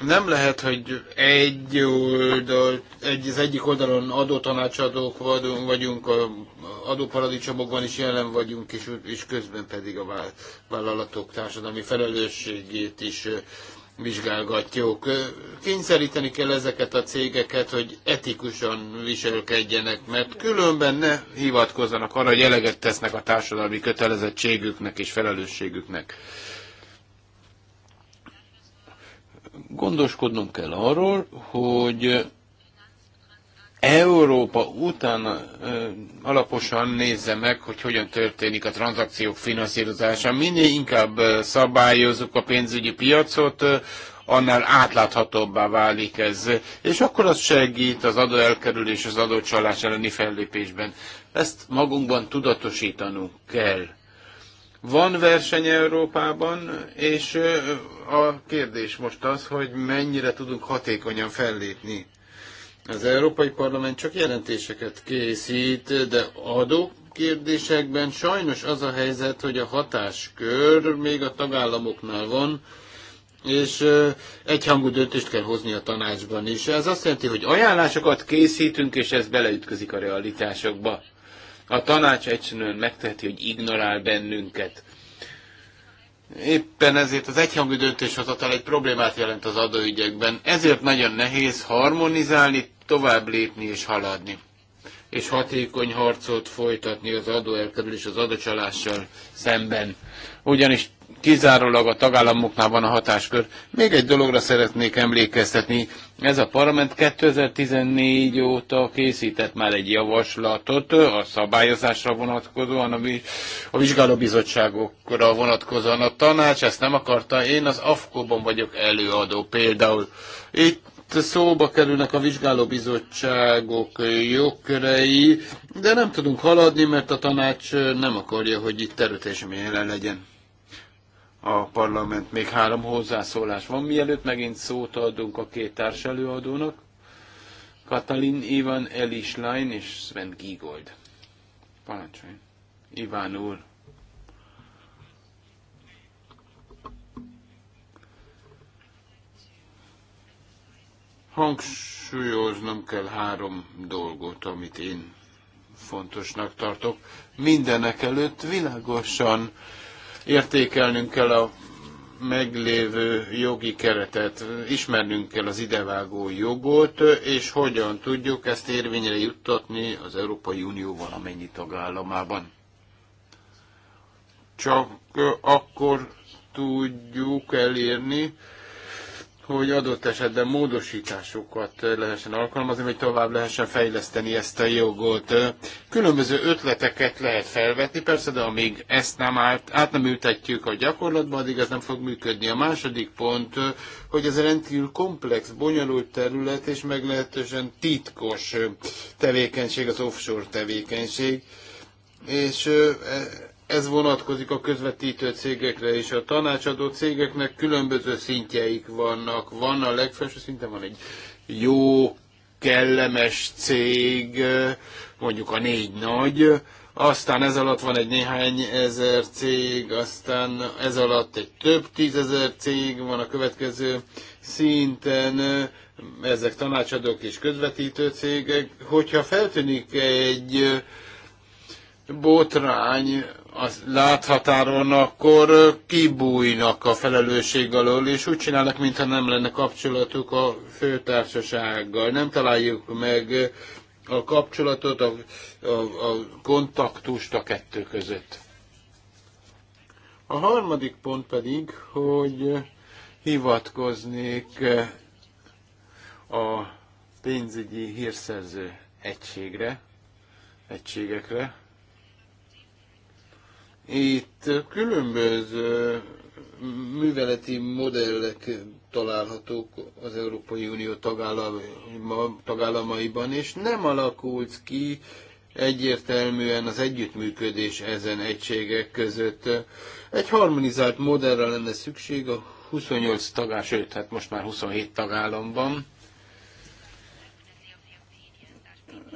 nem lehet, hogy egy oldal, egy, az egyik oldalon adótanácsadók vagyunk, a adóparadicsomokban is jelen vagyunk, és, és közben pedig a vállalatok társadalmi felelősségét is vizsgálgatjuk. Kényszeríteni kell ezeket a cégeket, hogy etikusan viselkedjenek, mert különben ne hivatkozzanak arra, hogy eleget tesznek a társadalmi kötelezettségüknek és felelősségüknek. Gondoskodnunk kell arról, hogy Európa után alaposan nézze meg, hogy hogyan történik a tranzakciók finanszírozása. Minél inkább szabályozunk a pénzügyi piacot, annál átláthatóbbá válik ez, és akkor az segít az adóelkerülés, az adócsalás elleni fellépésben. Ezt magunkban tudatosítanunk kell. Van verseny Európában, és a kérdés most az, hogy mennyire tudunk hatékonyan fellépni. Az Európai Parlament csak jelentéseket készít, de adó kérdésekben sajnos az a helyzet, hogy a hatáskör még a tagállamoknál van, és egyhangú döntést kell hozni a tanácsban is. Ez azt jelenti, hogy ajánlásokat készítünk, és ez beleütközik a realitásokba. A tanács egyszerűen megteheti, hogy ignorál bennünket. Éppen ezért az egyhangú döntéshozatal egy problémát jelent az adóügyekben. Ezért nagyon nehéz harmonizálni, tovább lépni és haladni. És hatékony harcot folytatni az adóelkerülés az adócsalással szemben. Ugyanis kizárólag a tagállamoknál van a hatáskör. Még egy dologra szeretnék emlékeztetni, ez a parlament 2014 óta készített már egy javaslatot a szabályozásra vonatkozóan, ami a vizsgálóbizottságokra vonatkozóan. A tanács ezt nem akarta, én az AFKO-ban vagyok előadó például. Itt szóba kerülnek a vizsgálóbizottságok jogkörei, de nem tudunk haladni, mert a tanács nem akarja, hogy itt erőteljesen jelen legyen a parlament. Még három hozzászólás van, mielőtt megint szót adunk a két társ előadónak. Katalin Ivan Elis Lein és Sven Gigold. Parancsolj. Iván úr. Hangsúlyoznom kell három dolgot, amit én fontosnak tartok. Mindenek előtt világosan Értékelnünk kell a meglévő jogi keretet, ismernünk kell az idevágó jogot, és hogyan tudjuk ezt érvényre juttatni az Európai Unió valamennyi tagállamában. Csak akkor tudjuk elérni, hogy adott esetben módosításokat lehessen alkalmazni, vagy tovább lehessen fejleszteni ezt a jogot. Különböző ötleteket lehet felvetni, persze, de amíg ezt nem át, át nem ültetjük a gyakorlatba, addig ez nem fog működni. A második pont, hogy ez rendkívül komplex, bonyolult terület, és meglehetősen titkos tevékenység, az offshore tevékenység, és ez vonatkozik a közvetítő cégekre és a tanácsadó cégeknek különböző szintjeik vannak. Van a legfelső szinten, van egy jó, kellemes cég, mondjuk a négy nagy, aztán ez alatt van egy néhány ezer cég, aztán ez alatt egy több tízezer cég van a következő szinten, ezek tanácsadók és közvetítő cégek. Hogyha feltűnik egy botrány, az láthatáron, akkor kibújnak a felelősség alól, és úgy csinálnak, mintha nem lenne kapcsolatuk a főtársasággal. Nem találjuk meg a kapcsolatot, a, a, a kontaktust a kettő között. A harmadik pont pedig, hogy hivatkoznék a pénzügyi hírszerző egységre, egységekre, itt különböző műveleti modellek találhatók az Európai Unió tagállamaiban, és nem alakult ki egyértelműen az együttműködés ezen egységek között. Egy harmonizált modellre lenne szükség a 28 tagás, sőt, hát most már 27 tagállamban.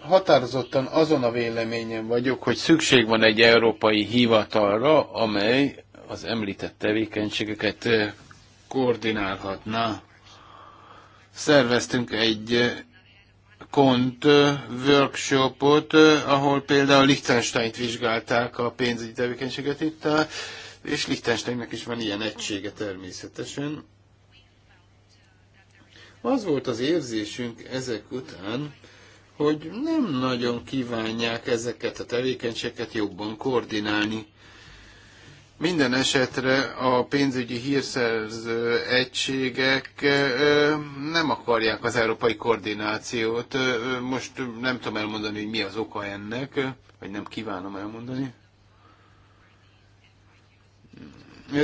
határozottan azon a véleményen vagyok, hogy szükség van egy európai hivatalra, amely az említett tevékenységeket eh, koordinálhatna. Szerveztünk egy eh, kont eh, workshopot, ahol például Liechtensteint vizsgálták a pénzügyi tevékenységet itt, és Liechtensteinnek is van ilyen egysége természetesen. Az volt az érzésünk ezek után, hogy nem nagyon kívánják ezeket a tevékenységeket jobban koordinálni. Minden esetre a pénzügyi hírszerző egységek nem akarják az európai koordinációt. Most nem tudom elmondani, hogy mi az oka ennek, vagy nem kívánom elmondani.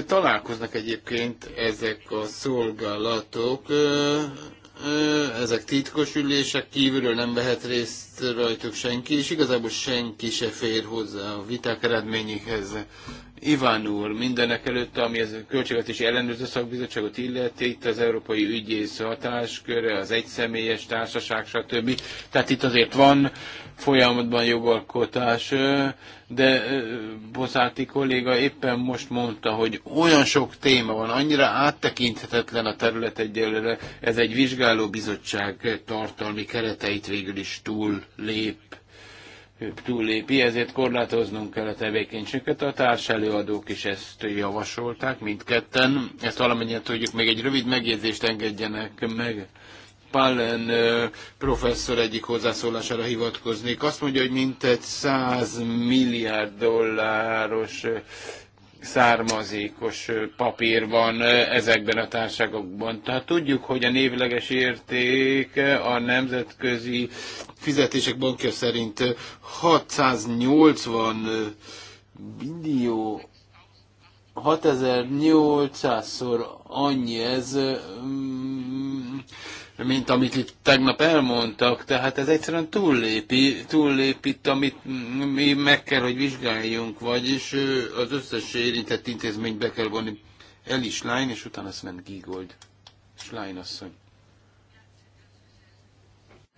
Találkoznak egyébként ezek a szolgálatok ezek titkos ülések, kívülről nem vehet részt rajtuk senki, és igazából senki se fér hozzá a viták eredményéhez. Iván úr, mindenek előtt, ami ez a költségvetési ellenőrző szakbizottságot illeti, itt az európai ügyész hatásköre, az egyszemélyes társaság, stb. Tehát itt azért van folyamatban jogalkotás, de Bozáti kolléga éppen most mondta, hogy olyan sok téma van, annyira áttekinthetetlen a terület egyelőre, ez egy vizsgálóbizottság tartalmi kereteit végül is túl lép túllépi, ezért korlátoznunk kell a tevékenységet. A előadók is ezt javasolták, mindketten. Ezt valamennyien tudjuk, még egy rövid megjegyzést engedjenek meg. Pallen professzor egyik hozzászólására hivatkoznék. Azt mondja, hogy mintegy 100 milliárd dolláros származékos papír van ezekben a társaságokban. Tehát tudjuk, hogy a névleges érték a nemzetközi fizetések bankja szerint 680 millió 6800-szor annyi ez, mint amit itt tegnap elmondtak, tehát ez egyszerűen túllépi, túllép itt, amit mi meg kell, hogy vizsgáljunk, vagyis az összes érintett intézményt be kell vonni. Eli Schlein, és utána azt ment Gigold. Schlein asszony.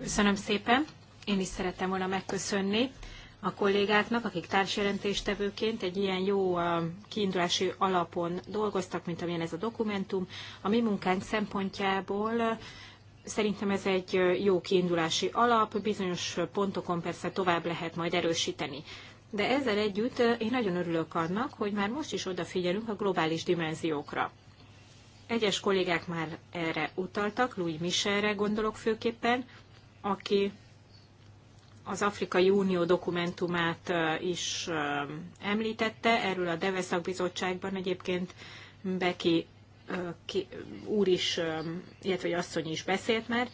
Köszönöm szépen. Én is szerettem volna megköszönni a kollégáknak, akik társjelentéstevőként egy ilyen jó kiindulási alapon dolgoztak, mint amilyen ez a dokumentum. A mi munkánk szempontjából Szerintem ez egy jó kiindulási alap, bizonyos pontokon persze tovább lehet majd erősíteni. De ezzel együtt én nagyon örülök annak, hogy már most is odafigyelünk a globális dimenziókra. Egyes kollégák már erre utaltak, Louis Michelre gondolok főképpen, aki az Afrikai Unió dokumentumát is említette, erről a Deveszak Bizottságban egyébként Beki úr is, illetve egy asszony is beszélt már,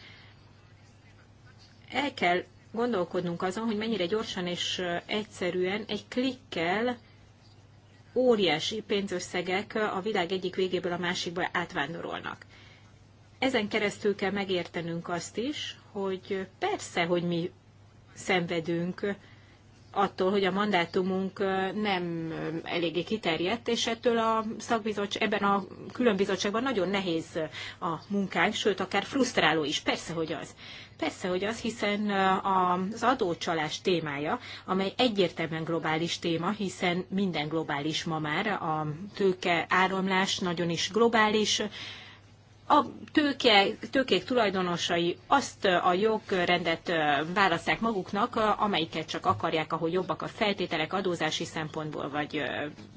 el kell gondolkodnunk azon, hogy mennyire gyorsan és egyszerűen egy klikkel óriási pénzösszegek a világ egyik végéből a másikba átvándorolnak. Ezen keresztül kell megértenünk azt is, hogy persze, hogy mi szenvedünk attól, hogy a mandátumunk nem eléggé kiterjedt, és ettől a szakbizottság, ebben a különbizottságban nagyon nehéz a munkánk, sőt, akár frusztráló is. Persze, hogy az. Persze, hogy az, hiszen az adócsalás témája, amely egyértelműen globális téma, hiszen minden globális ma már, a tőke áramlás nagyon is globális, a tőke, tőkék tulajdonosai azt a jogrendet választják maguknak, amelyiket csak akarják, ahol jobbak a feltételek adózási szempontból vagy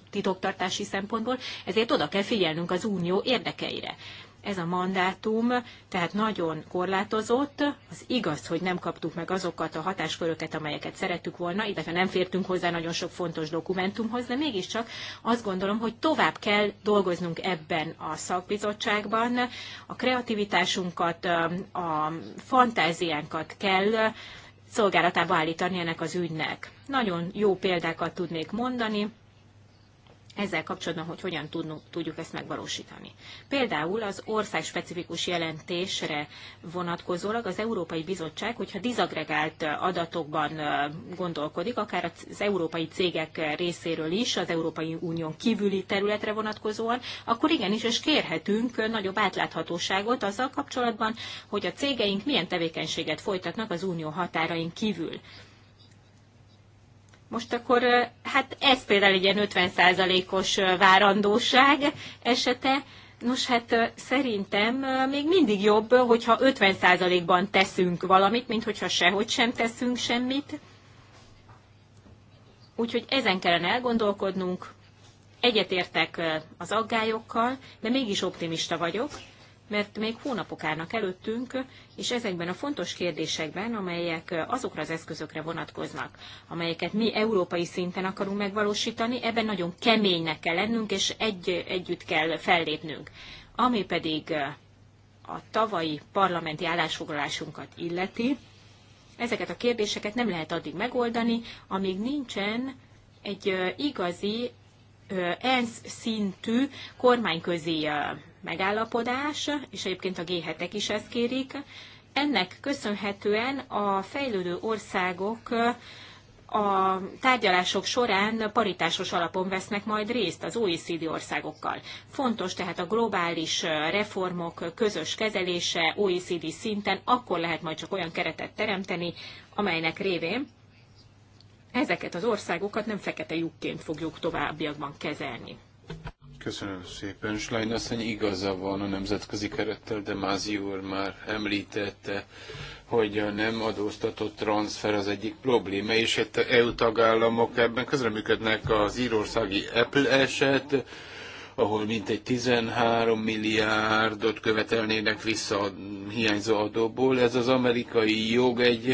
titoktartási szempontból, ezért oda kell figyelnünk az unió érdekeire ez a mandátum, tehát nagyon korlátozott. Az igaz, hogy nem kaptuk meg azokat a hatásköröket, amelyeket szerettük volna, illetve nem fértünk hozzá nagyon sok fontos dokumentumhoz, de mégiscsak azt gondolom, hogy tovább kell dolgoznunk ebben a szakbizottságban. A kreativitásunkat, a fantáziánkat kell szolgálatába állítani ennek az ügynek. Nagyon jó példákat tudnék mondani ezzel kapcsolatban, hogy hogyan tudnunk, tudjuk ezt megvalósítani. Például az országspecifikus jelentésre vonatkozólag az Európai Bizottság, hogyha dizagregált adatokban gondolkodik, akár az európai cégek részéről is, az Európai Unión kívüli területre vonatkozóan, akkor igenis, és kérhetünk nagyobb átláthatóságot azzal kapcsolatban, hogy a cégeink milyen tevékenységet folytatnak az unió határain kívül. Most akkor hát ez például egy ilyen 50%-os várandóság esete, Nos hát szerintem még mindig jobb, hogyha 50%-ban teszünk valamit, mint hogyha sehogy sem teszünk semmit. Úgyhogy ezen kellene elgondolkodnunk. Egyetértek az aggályokkal, de mégis optimista vagyok, mert még hónapok állnak előttünk, és ezekben a fontos kérdésekben, amelyek azokra az eszközökre vonatkoznak, amelyeket mi európai szinten akarunk megvalósítani, ebben nagyon keménynek kell lennünk, és egy, együtt kell fellépnünk. Ami pedig a tavalyi parlamenti állásfoglalásunkat illeti, ezeket a kérdéseket nem lehet addig megoldani, amíg nincsen egy igazi ENSZ szintű kormányközi megállapodás, és egyébként a G7-ek is ezt kérik. Ennek köszönhetően a fejlődő országok a tárgyalások során paritásos alapon vesznek majd részt az OECD országokkal. Fontos tehát a globális reformok közös kezelése OECD szinten, akkor lehet majd csak olyan keretet teremteni, amelynek révén ezeket az országokat nem fekete lyukként fogjuk továbbiakban kezelni. Köszönöm szépen. Schlein asszony igaza van a nemzetközi kerettel, de Mázi úr már említette, hogy a nem adóztatott transfer az egyik probléma, és a EU tagállamok ebben közreműködnek az írországi Apple eset, ahol mintegy 13 milliárdot követelnének vissza a hiányzó adóból. Ez az amerikai jog egy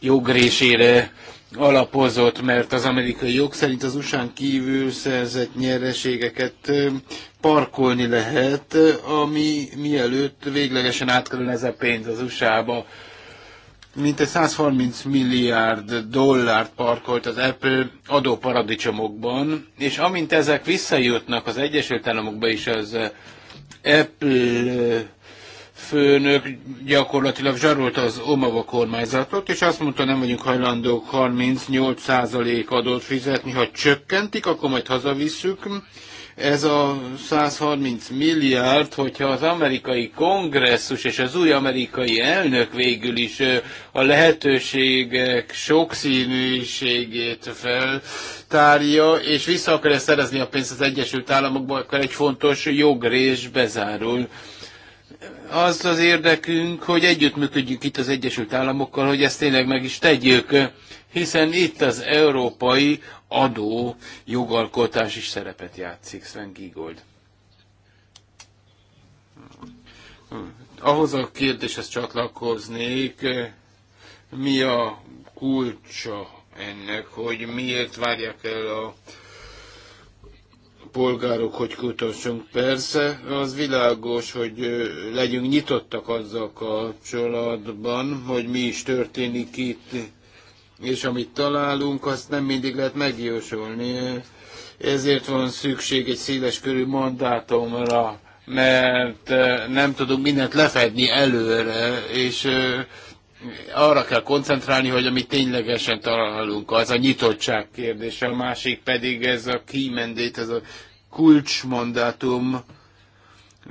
jogrésére alapozott, mert az amerikai jog szerint az usa kívül szerzett nyereségeket parkolni lehet, ami mielőtt véglegesen átkerül ez a pénz az USA-ba mint egy 130 milliárd dollárt parkolt az Apple adóparadicsomokban, és amint ezek visszajutnak az Egyesült Államokba is, az Apple főnök gyakorlatilag zsarolt az Omava kormányzatot, és azt mondta, nem vagyunk hajlandók 38% adót fizetni, ha csökkentik, akkor majd hazavisszük, ez a 130 milliárd, hogyha az amerikai kongresszus és az új amerikai elnök végül is a lehetőségek sokszínűségét feltárja, és vissza akarja szerezni a pénzt az Egyesült Államokba, akkor egy fontos jogrés bezárul az az érdekünk, hogy együttműködjük itt az Egyesült Államokkal, hogy ezt tényleg meg is tegyük, hiszen itt az európai adó jogalkotás is szerepet játszik. Sven Giegold. Ahhoz a kérdéshez csatlakoznék, mi a kulcsa ennek, hogy miért várják el a polgárok, hogy kutassunk. Persze, az világos, hogy legyünk nyitottak azzal kapcsolatban, hogy mi is történik itt, és amit találunk, azt nem mindig lehet megjósolni. Ezért van szükség egy széles körű mandátumra, mert eh, nem tudunk mindent lefedni előre, és eh, arra kell koncentrálni, hogy amit ténylegesen találunk, az a nyitottság kérdése, a másik pedig ez a key mandate, ez a kulcsmandátum.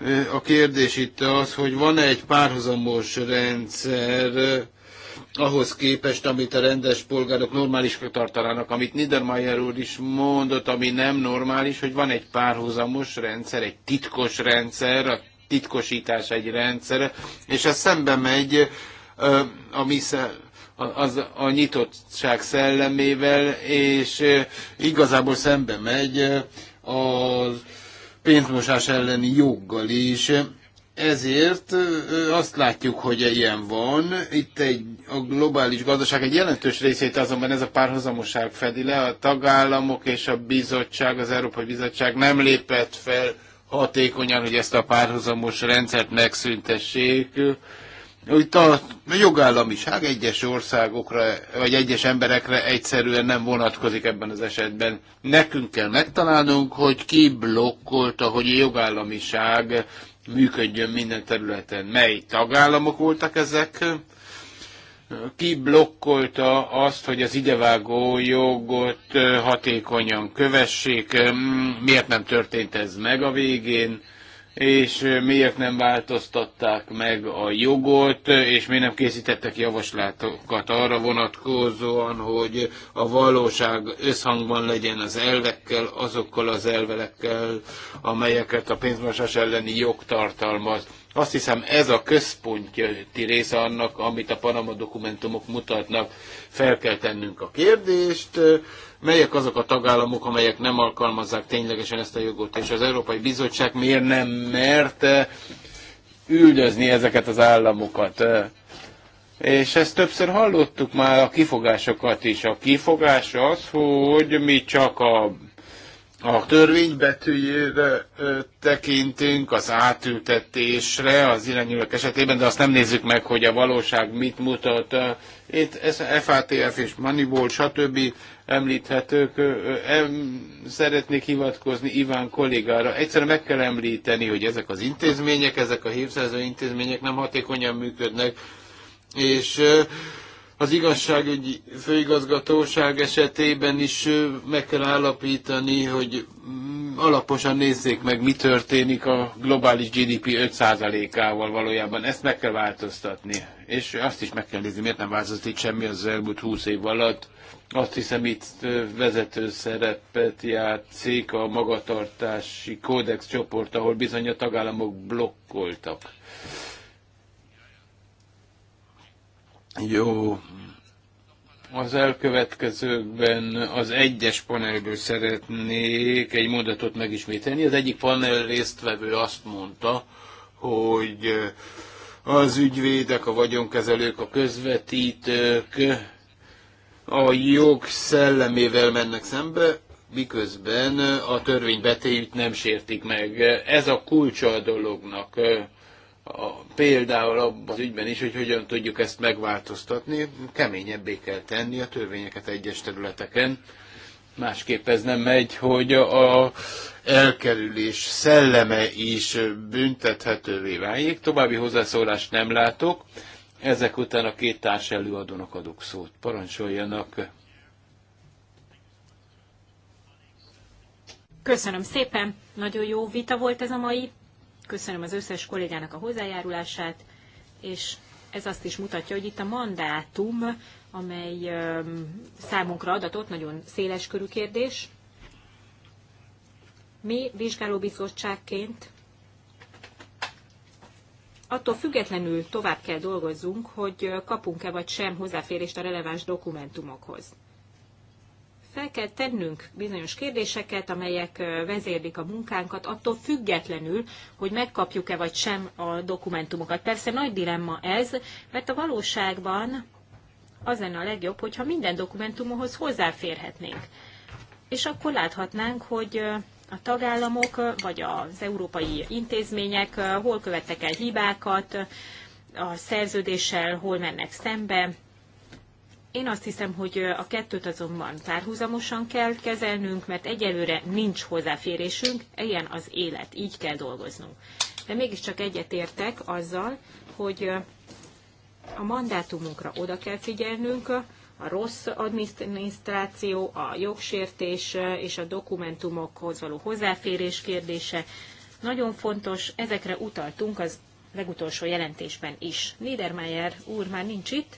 Eh, a kérdés itt az, hogy van-e egy párhuzamos rendszer, ahhoz képest, amit a rendes polgárok normálisnak tartanának, amit Niedermayer úr is mondott, ami nem normális, hogy van egy párhuzamos rendszer, egy titkos rendszer, a titkosítás egy rendszer, és ez szembe megy a mi az a nyitottság szellemével, és igazából szembe megy az pénzmosás elleni joggal is, ezért azt látjuk, hogy ilyen van. Itt egy, a globális gazdaság egy jelentős részét azonban ez a párhuzamoság fedi le. A tagállamok és a bizottság, az Európai Bizottság nem lépett fel hatékonyan, hogy ezt a párhuzamos rendszert megszüntessék. Itt a jogállamiság egyes országokra, vagy egyes emberekre egyszerűen nem vonatkozik ebben az esetben. Nekünk kell megtalálnunk, hogy ki blokkolta, hogy a jogállamiság működjön minden területen. Mely tagállamok voltak ezek? Ki blokkolta azt, hogy az idevágó jogot hatékonyan kövessék? Miért nem történt ez meg a végén? és miért nem változtatták meg a jogot, és miért nem készítettek javaslatokat arra vonatkozóan, hogy a valóság összhangban legyen az elvekkel, azokkal az elvelekkel, amelyeket a pénzmosás elleni jog tartalmaz. Azt hiszem ez a központi része annak, amit a Panama dokumentumok mutatnak. Fel kell tennünk a kérdést, melyek azok a tagállamok, amelyek nem alkalmazzák ténylegesen ezt a jogot, és az Európai Bizottság miért nem mert üldözni ezeket az államokat. És ezt többször hallottuk már a kifogásokat is. A kifogás az, hogy mi csak a a törvénybetűjére tekintünk, az átültetésre az irányulók esetében, de azt nem nézzük meg, hogy a valóság mit mutat. Itt ez a FATF és Moneyball, stb említhetők. Szeretnék hivatkozni Iván kollégára. Egyszer meg kell említeni, hogy ezek az intézmények, ezek a hírszerző intézmények nem hatékonyan működnek, és az igazságügyi főigazgatóság esetében is meg kell állapítani, hogy mm, alaposan nézzék meg, mi történik a globális GDP 5%-ával valójában. Ezt meg kell változtatni. És azt is meg kell nézni, miért nem változott itt semmi az elmúlt 20 év alatt. Azt hiszem itt vezető szerepet játszik a magatartási kódex csoport, ahol bizony a tagállamok blokkoltak. Jó. Az elkövetkezőkben az egyes panelből szeretnék egy mondatot megismételni. Az egyik panel résztvevő azt mondta, hogy az ügyvédek, a vagyonkezelők, a közvetítők a jog szellemével mennek szembe, miközben a törvény betéjét nem sértik meg. Ez a kulcsa a dolognak. A, például abban az ügyben is, hogy hogyan tudjuk ezt megváltoztatni, keményebbé kell tenni a törvényeket egyes területeken. Másképp ez nem megy, hogy a elkerülés szelleme is büntethetővé váljék. További hozzászólást nem látok. Ezek után a két társ előadónak adok szót. Parancsoljanak! Köszönöm szépen, nagyon jó vita volt ez a mai. Köszönöm az összes kollégának a hozzájárulását, és ez azt is mutatja, hogy itt a mandátum, amely számunkra adatot, nagyon széles körű kérdés. Mi vizsgálóbizottságként attól függetlenül tovább kell dolgozzunk, hogy kapunk-e vagy sem hozzáférést a releváns dokumentumokhoz. Fel kell tennünk bizonyos kérdéseket, amelyek vezérlik a munkánkat, attól függetlenül, hogy megkapjuk-e vagy sem a dokumentumokat. Persze nagy dilemma ez, mert a valóságban az lenne a legjobb, hogyha minden dokumentumhoz hozzáférhetnénk. És akkor láthatnánk, hogy a tagállamok vagy az európai intézmények hol követtek el hibákat, a szerződéssel hol mennek szembe. Én azt hiszem, hogy a kettőt azonban párhuzamosan kell kezelnünk, mert egyelőre nincs hozzáférésünk, ilyen az élet, így kell dolgoznunk. De mégiscsak egyetértek azzal, hogy a mandátumunkra oda kell figyelnünk, a rossz adminisztráció, a jogsértés és a dokumentumokhoz való hozzáférés kérdése. Nagyon fontos, ezekre utaltunk az legutolsó jelentésben is. Niedermeyer úr már nincs itt,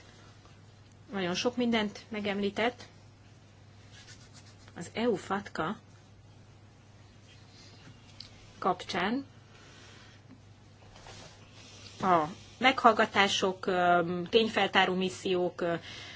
nagyon sok mindent megemlített. Az EU-fatka kapcsán a meghallgatások, tényfeltáró missziók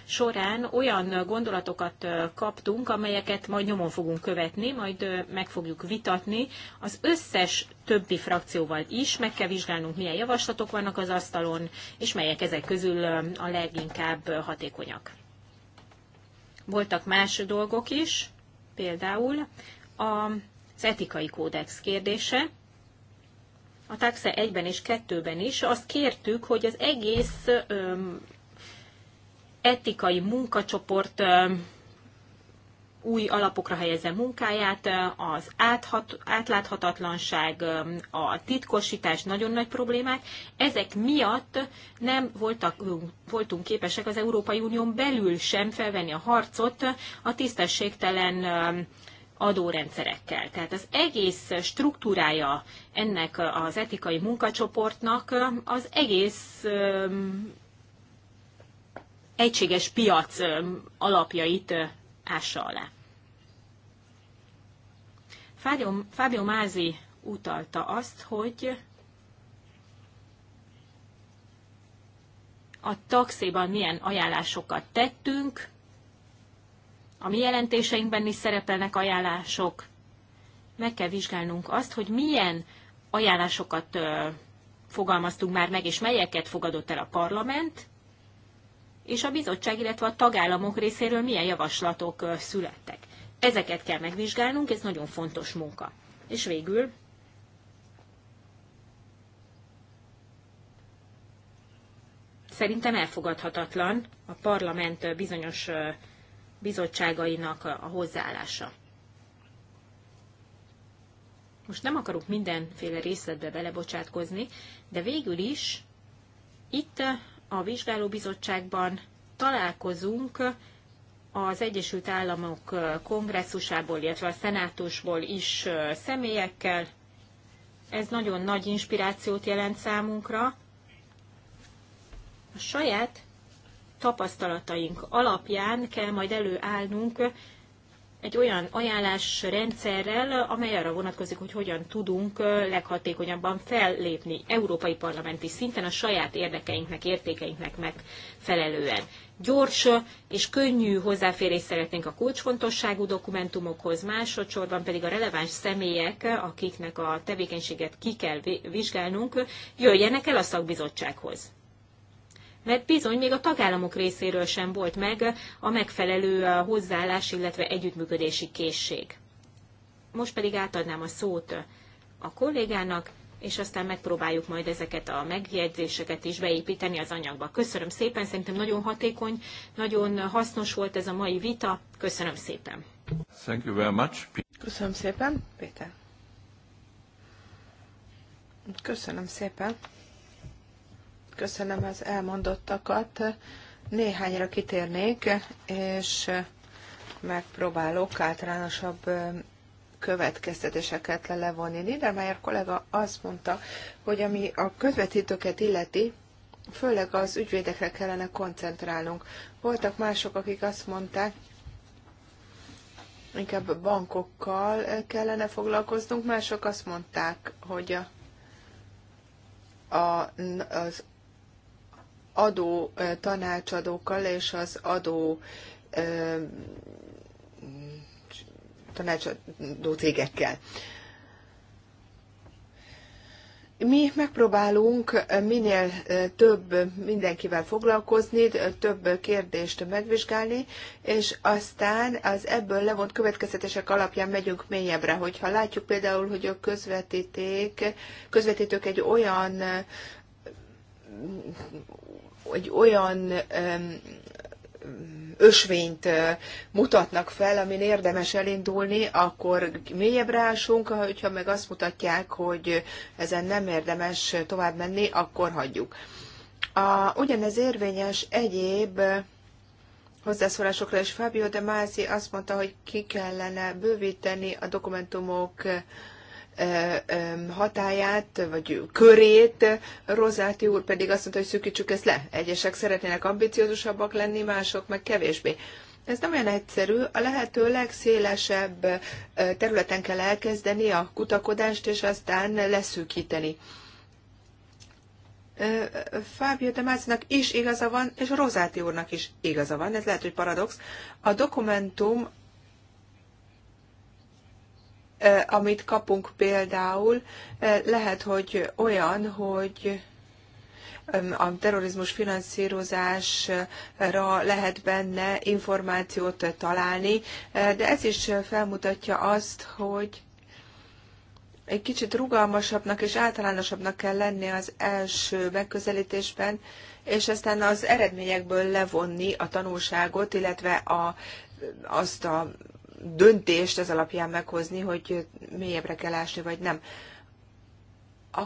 során olyan gondolatokat kaptunk, amelyeket majd nyomon fogunk követni, majd meg fogjuk vitatni az összes többi frakcióval is, meg kell vizsgálnunk, milyen javaslatok vannak az asztalon, és melyek ezek közül a leginkább hatékonyak. Voltak más dolgok is, például az etikai kódex kérdése, a taxa 1-ben és 2-ben is azt kértük, hogy az egész etikai munkacsoport új alapokra helyezze munkáját, az áthat, átláthatatlanság, a titkosítás nagyon nagy problémák. Ezek miatt nem voltak, voltunk képesek az Európai Unión belül sem felvenni a harcot a tisztességtelen adórendszerekkel. Tehát az egész struktúrája ennek az etikai munkacsoportnak az egész egységes piac alapjait ássa alá. Fábio, Mázi utalta azt, hogy a taxiban milyen ajánlásokat tettünk, a mi jelentéseinkben is szerepelnek ajánlások. Meg kell vizsgálnunk azt, hogy milyen ajánlásokat fogalmaztunk már meg, és melyeket fogadott el a parlament, és a bizottság, illetve a tagállamok részéről milyen javaslatok születtek. Ezeket kell megvizsgálnunk, ez nagyon fontos munka. És végül szerintem elfogadhatatlan a parlament bizonyos bizottságainak a hozzáállása. Most nem akarok mindenféle részletbe belebocsátkozni, de végül is itt a vizsgálóbizottságban találkozunk az Egyesült Államok kongresszusából, illetve a szenátusból is személyekkel. Ez nagyon nagy inspirációt jelent számunkra. A saját tapasztalataink alapján kell majd előállnunk egy olyan ajánlás rendszerrel, amely arra vonatkozik, hogy hogyan tudunk leghatékonyabban fellépni európai parlamenti szinten a saját érdekeinknek, értékeinknek megfelelően. Gyors és könnyű hozzáférés szeretnénk a kulcsfontosságú dokumentumokhoz, másodszorban pedig a releváns személyek, akiknek a tevékenységet ki kell vizsgálnunk, jöjjenek el a szakbizottsághoz mert bizony még a tagállamok részéről sem volt meg a megfelelő hozzáállás, illetve együttműködési készség. Most pedig átadnám a szót a kollégának, és aztán megpróbáljuk majd ezeket a megjegyzéseket is beépíteni az anyagba. Köszönöm szépen, szerintem nagyon hatékony, nagyon hasznos volt ez a mai vita. Köszönöm szépen. Thank you very much. Köszönöm szépen, Péter. Köszönöm szépen köszönöm az elmondottakat. Néhányra kitérnék, és megpróbálok általánosabb következtetéseket le levonni. Niedermayer kollega azt mondta, hogy ami a közvetítőket illeti, főleg az ügyvédekre kellene koncentrálnunk. Voltak mások, akik azt mondták, inkább bankokkal kellene foglalkoznunk, mások azt mondták, hogy a, a, az adó tanácsadókkal és az adó tanácsadó cégekkel. Mi megpróbálunk minél több mindenkivel foglalkozni, több kérdést megvizsgálni, és aztán az ebből levont következetesek alapján megyünk mélyebbre. Hogyha látjuk például, hogy a közvetíték, közvetítők egy olyan egy olyan ösvényt mutatnak fel, amin érdemes elindulni, akkor mélyebbre ásunk, hogyha meg azt mutatják, hogy ezen nem érdemes tovább menni, akkor hagyjuk. A, ugyanez érvényes egyéb hozzászólásokra, is. Fábio de Mázi azt mondta, hogy ki kellene bővíteni a dokumentumok hatáját, vagy körét, Rozáti úr pedig azt mondta, hogy szűkítsük ezt le. Egyesek szeretnének ambiciózusabbak lenni, mások meg kevésbé. Ez nem olyan egyszerű, a lehető legszélesebb területen kell elkezdeni a kutakodást, és aztán leszűkíteni. Fábio de Másznak is igaza van, és Rozáti úrnak is igaza van, ez lehet, hogy paradox. A dokumentum amit kapunk például, lehet, hogy olyan, hogy a terrorizmus finanszírozásra lehet benne információt találni, de ez is felmutatja azt, hogy egy kicsit rugalmasabbnak és általánosabbnak kell lenni az első megközelítésben, és aztán az eredményekből levonni a tanulságot, illetve a, azt a döntést ez alapján meghozni, hogy mélyebbre kell ásni, vagy nem. A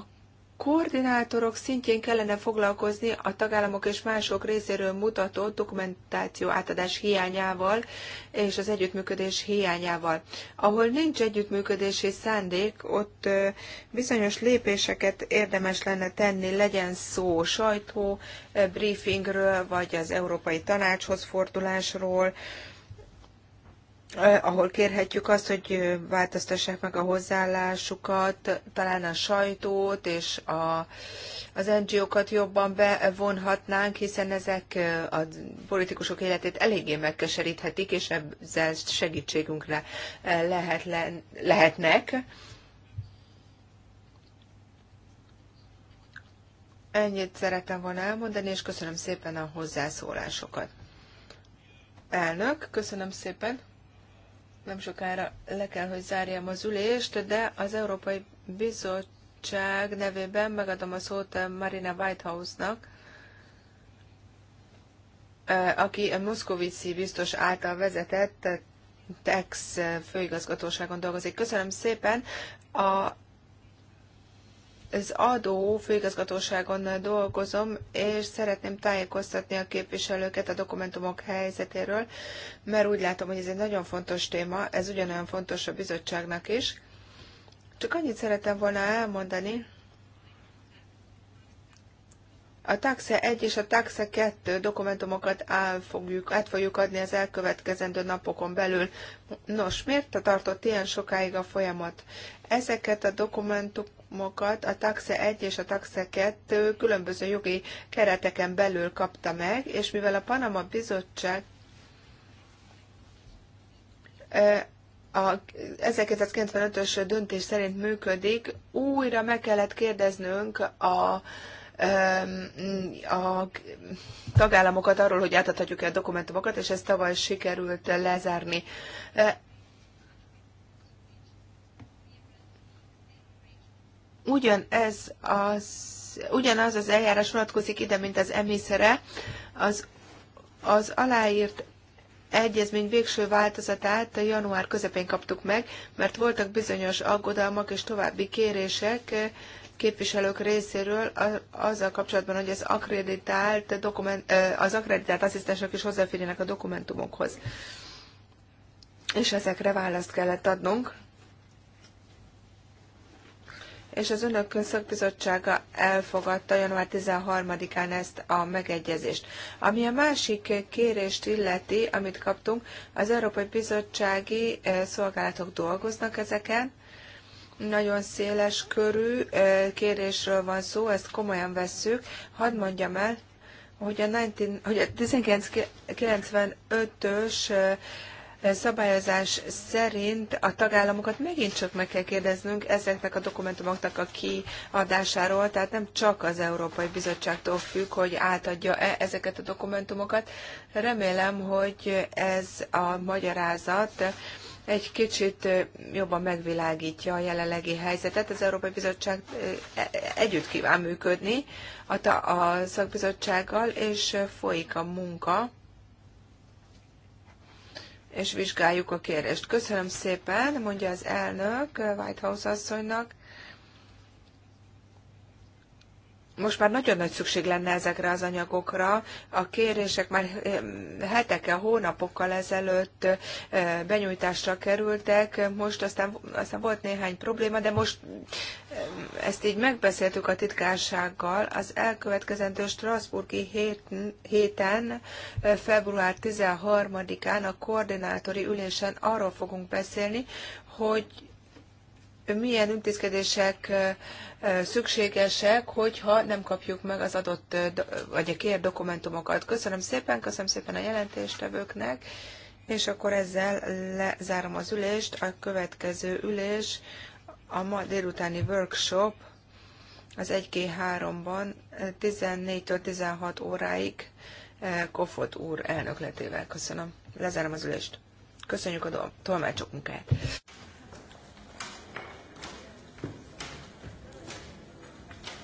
koordinátorok szintjén kellene foglalkozni a tagállamok és mások részéről mutató dokumentáció átadás hiányával és az együttműködés hiányával. Ahol nincs együttműködési szándék, ott bizonyos lépéseket érdemes lenne tenni, legyen szó sajtó briefingről, vagy az Európai Tanácshoz fordulásról, ahol kérhetjük azt, hogy változtassák meg a hozzáállásukat, talán a sajtót és a, az NGO-kat jobban bevonhatnánk, hiszen ezek a politikusok életét eléggé megkeseríthetik, és ezzel segítségünkre lehet, lehetnek. Ennyit szerettem volna elmondani, és köszönöm szépen a hozzászólásokat. Elnök, köszönöm szépen nem sokára le kell, hogy zárjam az ülést, de az Európai Bizottság nevében megadom a szót eh, Marina Whitehouse-nak, eh, aki a Moszkovici biztos által vezetett eh, TEX főigazgatóságon dolgozik. Köszönöm szépen! A az adó főigazgatóságon dolgozom, és szeretném tájékoztatni a képviselőket a dokumentumok helyzetéről, mert úgy látom, hogy ez egy nagyon fontos téma, ez ugyanolyan fontos a bizottságnak is. Csak annyit szerettem volna elmondani, a taxe 1 és a taxe 2 dokumentumokat át fogjuk, át fogjuk adni az elkövetkezendő napokon belül. Nos, miért tartott ilyen sokáig a folyamat? Ezeket a dokumentum, mandátumokat a taxe 1 és a taxe 2 különböző jogi kereteken belül kapta meg, és mivel a Panama Bizottság a 1995-ös döntés szerint működik, újra meg kellett kérdeznünk a a tagállamokat arról, hogy átadhatjuk-e a dokumentumokat, és ezt tavaly sikerült lezárni. ugyanez az, ugyanaz az eljárás vonatkozik ide, mint az emészere, az, az aláírt egyezmény végső változatát a január közepén kaptuk meg, mert voltak bizonyos aggodalmak és további kérések eh, képviselők részéről azzal kapcsolatban, hogy az akreditált, dokument, eh, az akreditált asszisztensek is hozzáférjenek a dokumentumokhoz. És ezekre választ kellett adnunk és az önök szakbizottsága elfogadta január 13-án ezt a megegyezést. Ami a másik kérést illeti, amit kaptunk, az Európai Bizottsági eh, Szolgálatok dolgoznak ezeken, nagyon széles körű eh, kérésről van szó, ezt komolyan vesszük. Hadd mondjam el, hogy a, 19, hogy a 1995-ös szabályozás szerint a tagállamokat megint csak meg kell kérdeznünk ezeknek a dokumentumoknak a kiadásáról, tehát nem csak az Európai Bizottságtól függ, hogy átadja-e ezeket a dokumentumokat. Remélem, hogy ez a magyarázat egy kicsit jobban megvilágítja a jelenlegi helyzetet. Az Európai Bizottság e, együtt kíván működni a szakbizottsággal, és folyik a munka és vizsgáljuk a kérést. Köszönöm szépen, mondja az elnök Whitehouse asszonynak. most már nagyon nagy szükség lenne ezekre az anyagokra. A kérések már eh, heteke, hónapokkal ezelőtt eh, benyújtásra kerültek, most aztán, aztán volt néhány probléma, de most eh, ezt így megbeszéltük a titkársággal. Az elkövetkezendő Strasburgi héten, február 13-án a koordinátori ülésen arról fogunk beszélni, hogy milyen intézkedések szükségesek, hogyha nem kapjuk meg az adott, vagy a kér dokumentumokat. Köszönöm szépen, köszönöm szépen a jelentéstevőknek, és akkor ezzel lezárom az ülést. A következő ülés a ma délutáni workshop az 1G3-ban ban 14 16 óráig Kofot úr elnökletével. Köszönöm. Lezárom az ülést. Köszönjük a tolmácsok munkáját.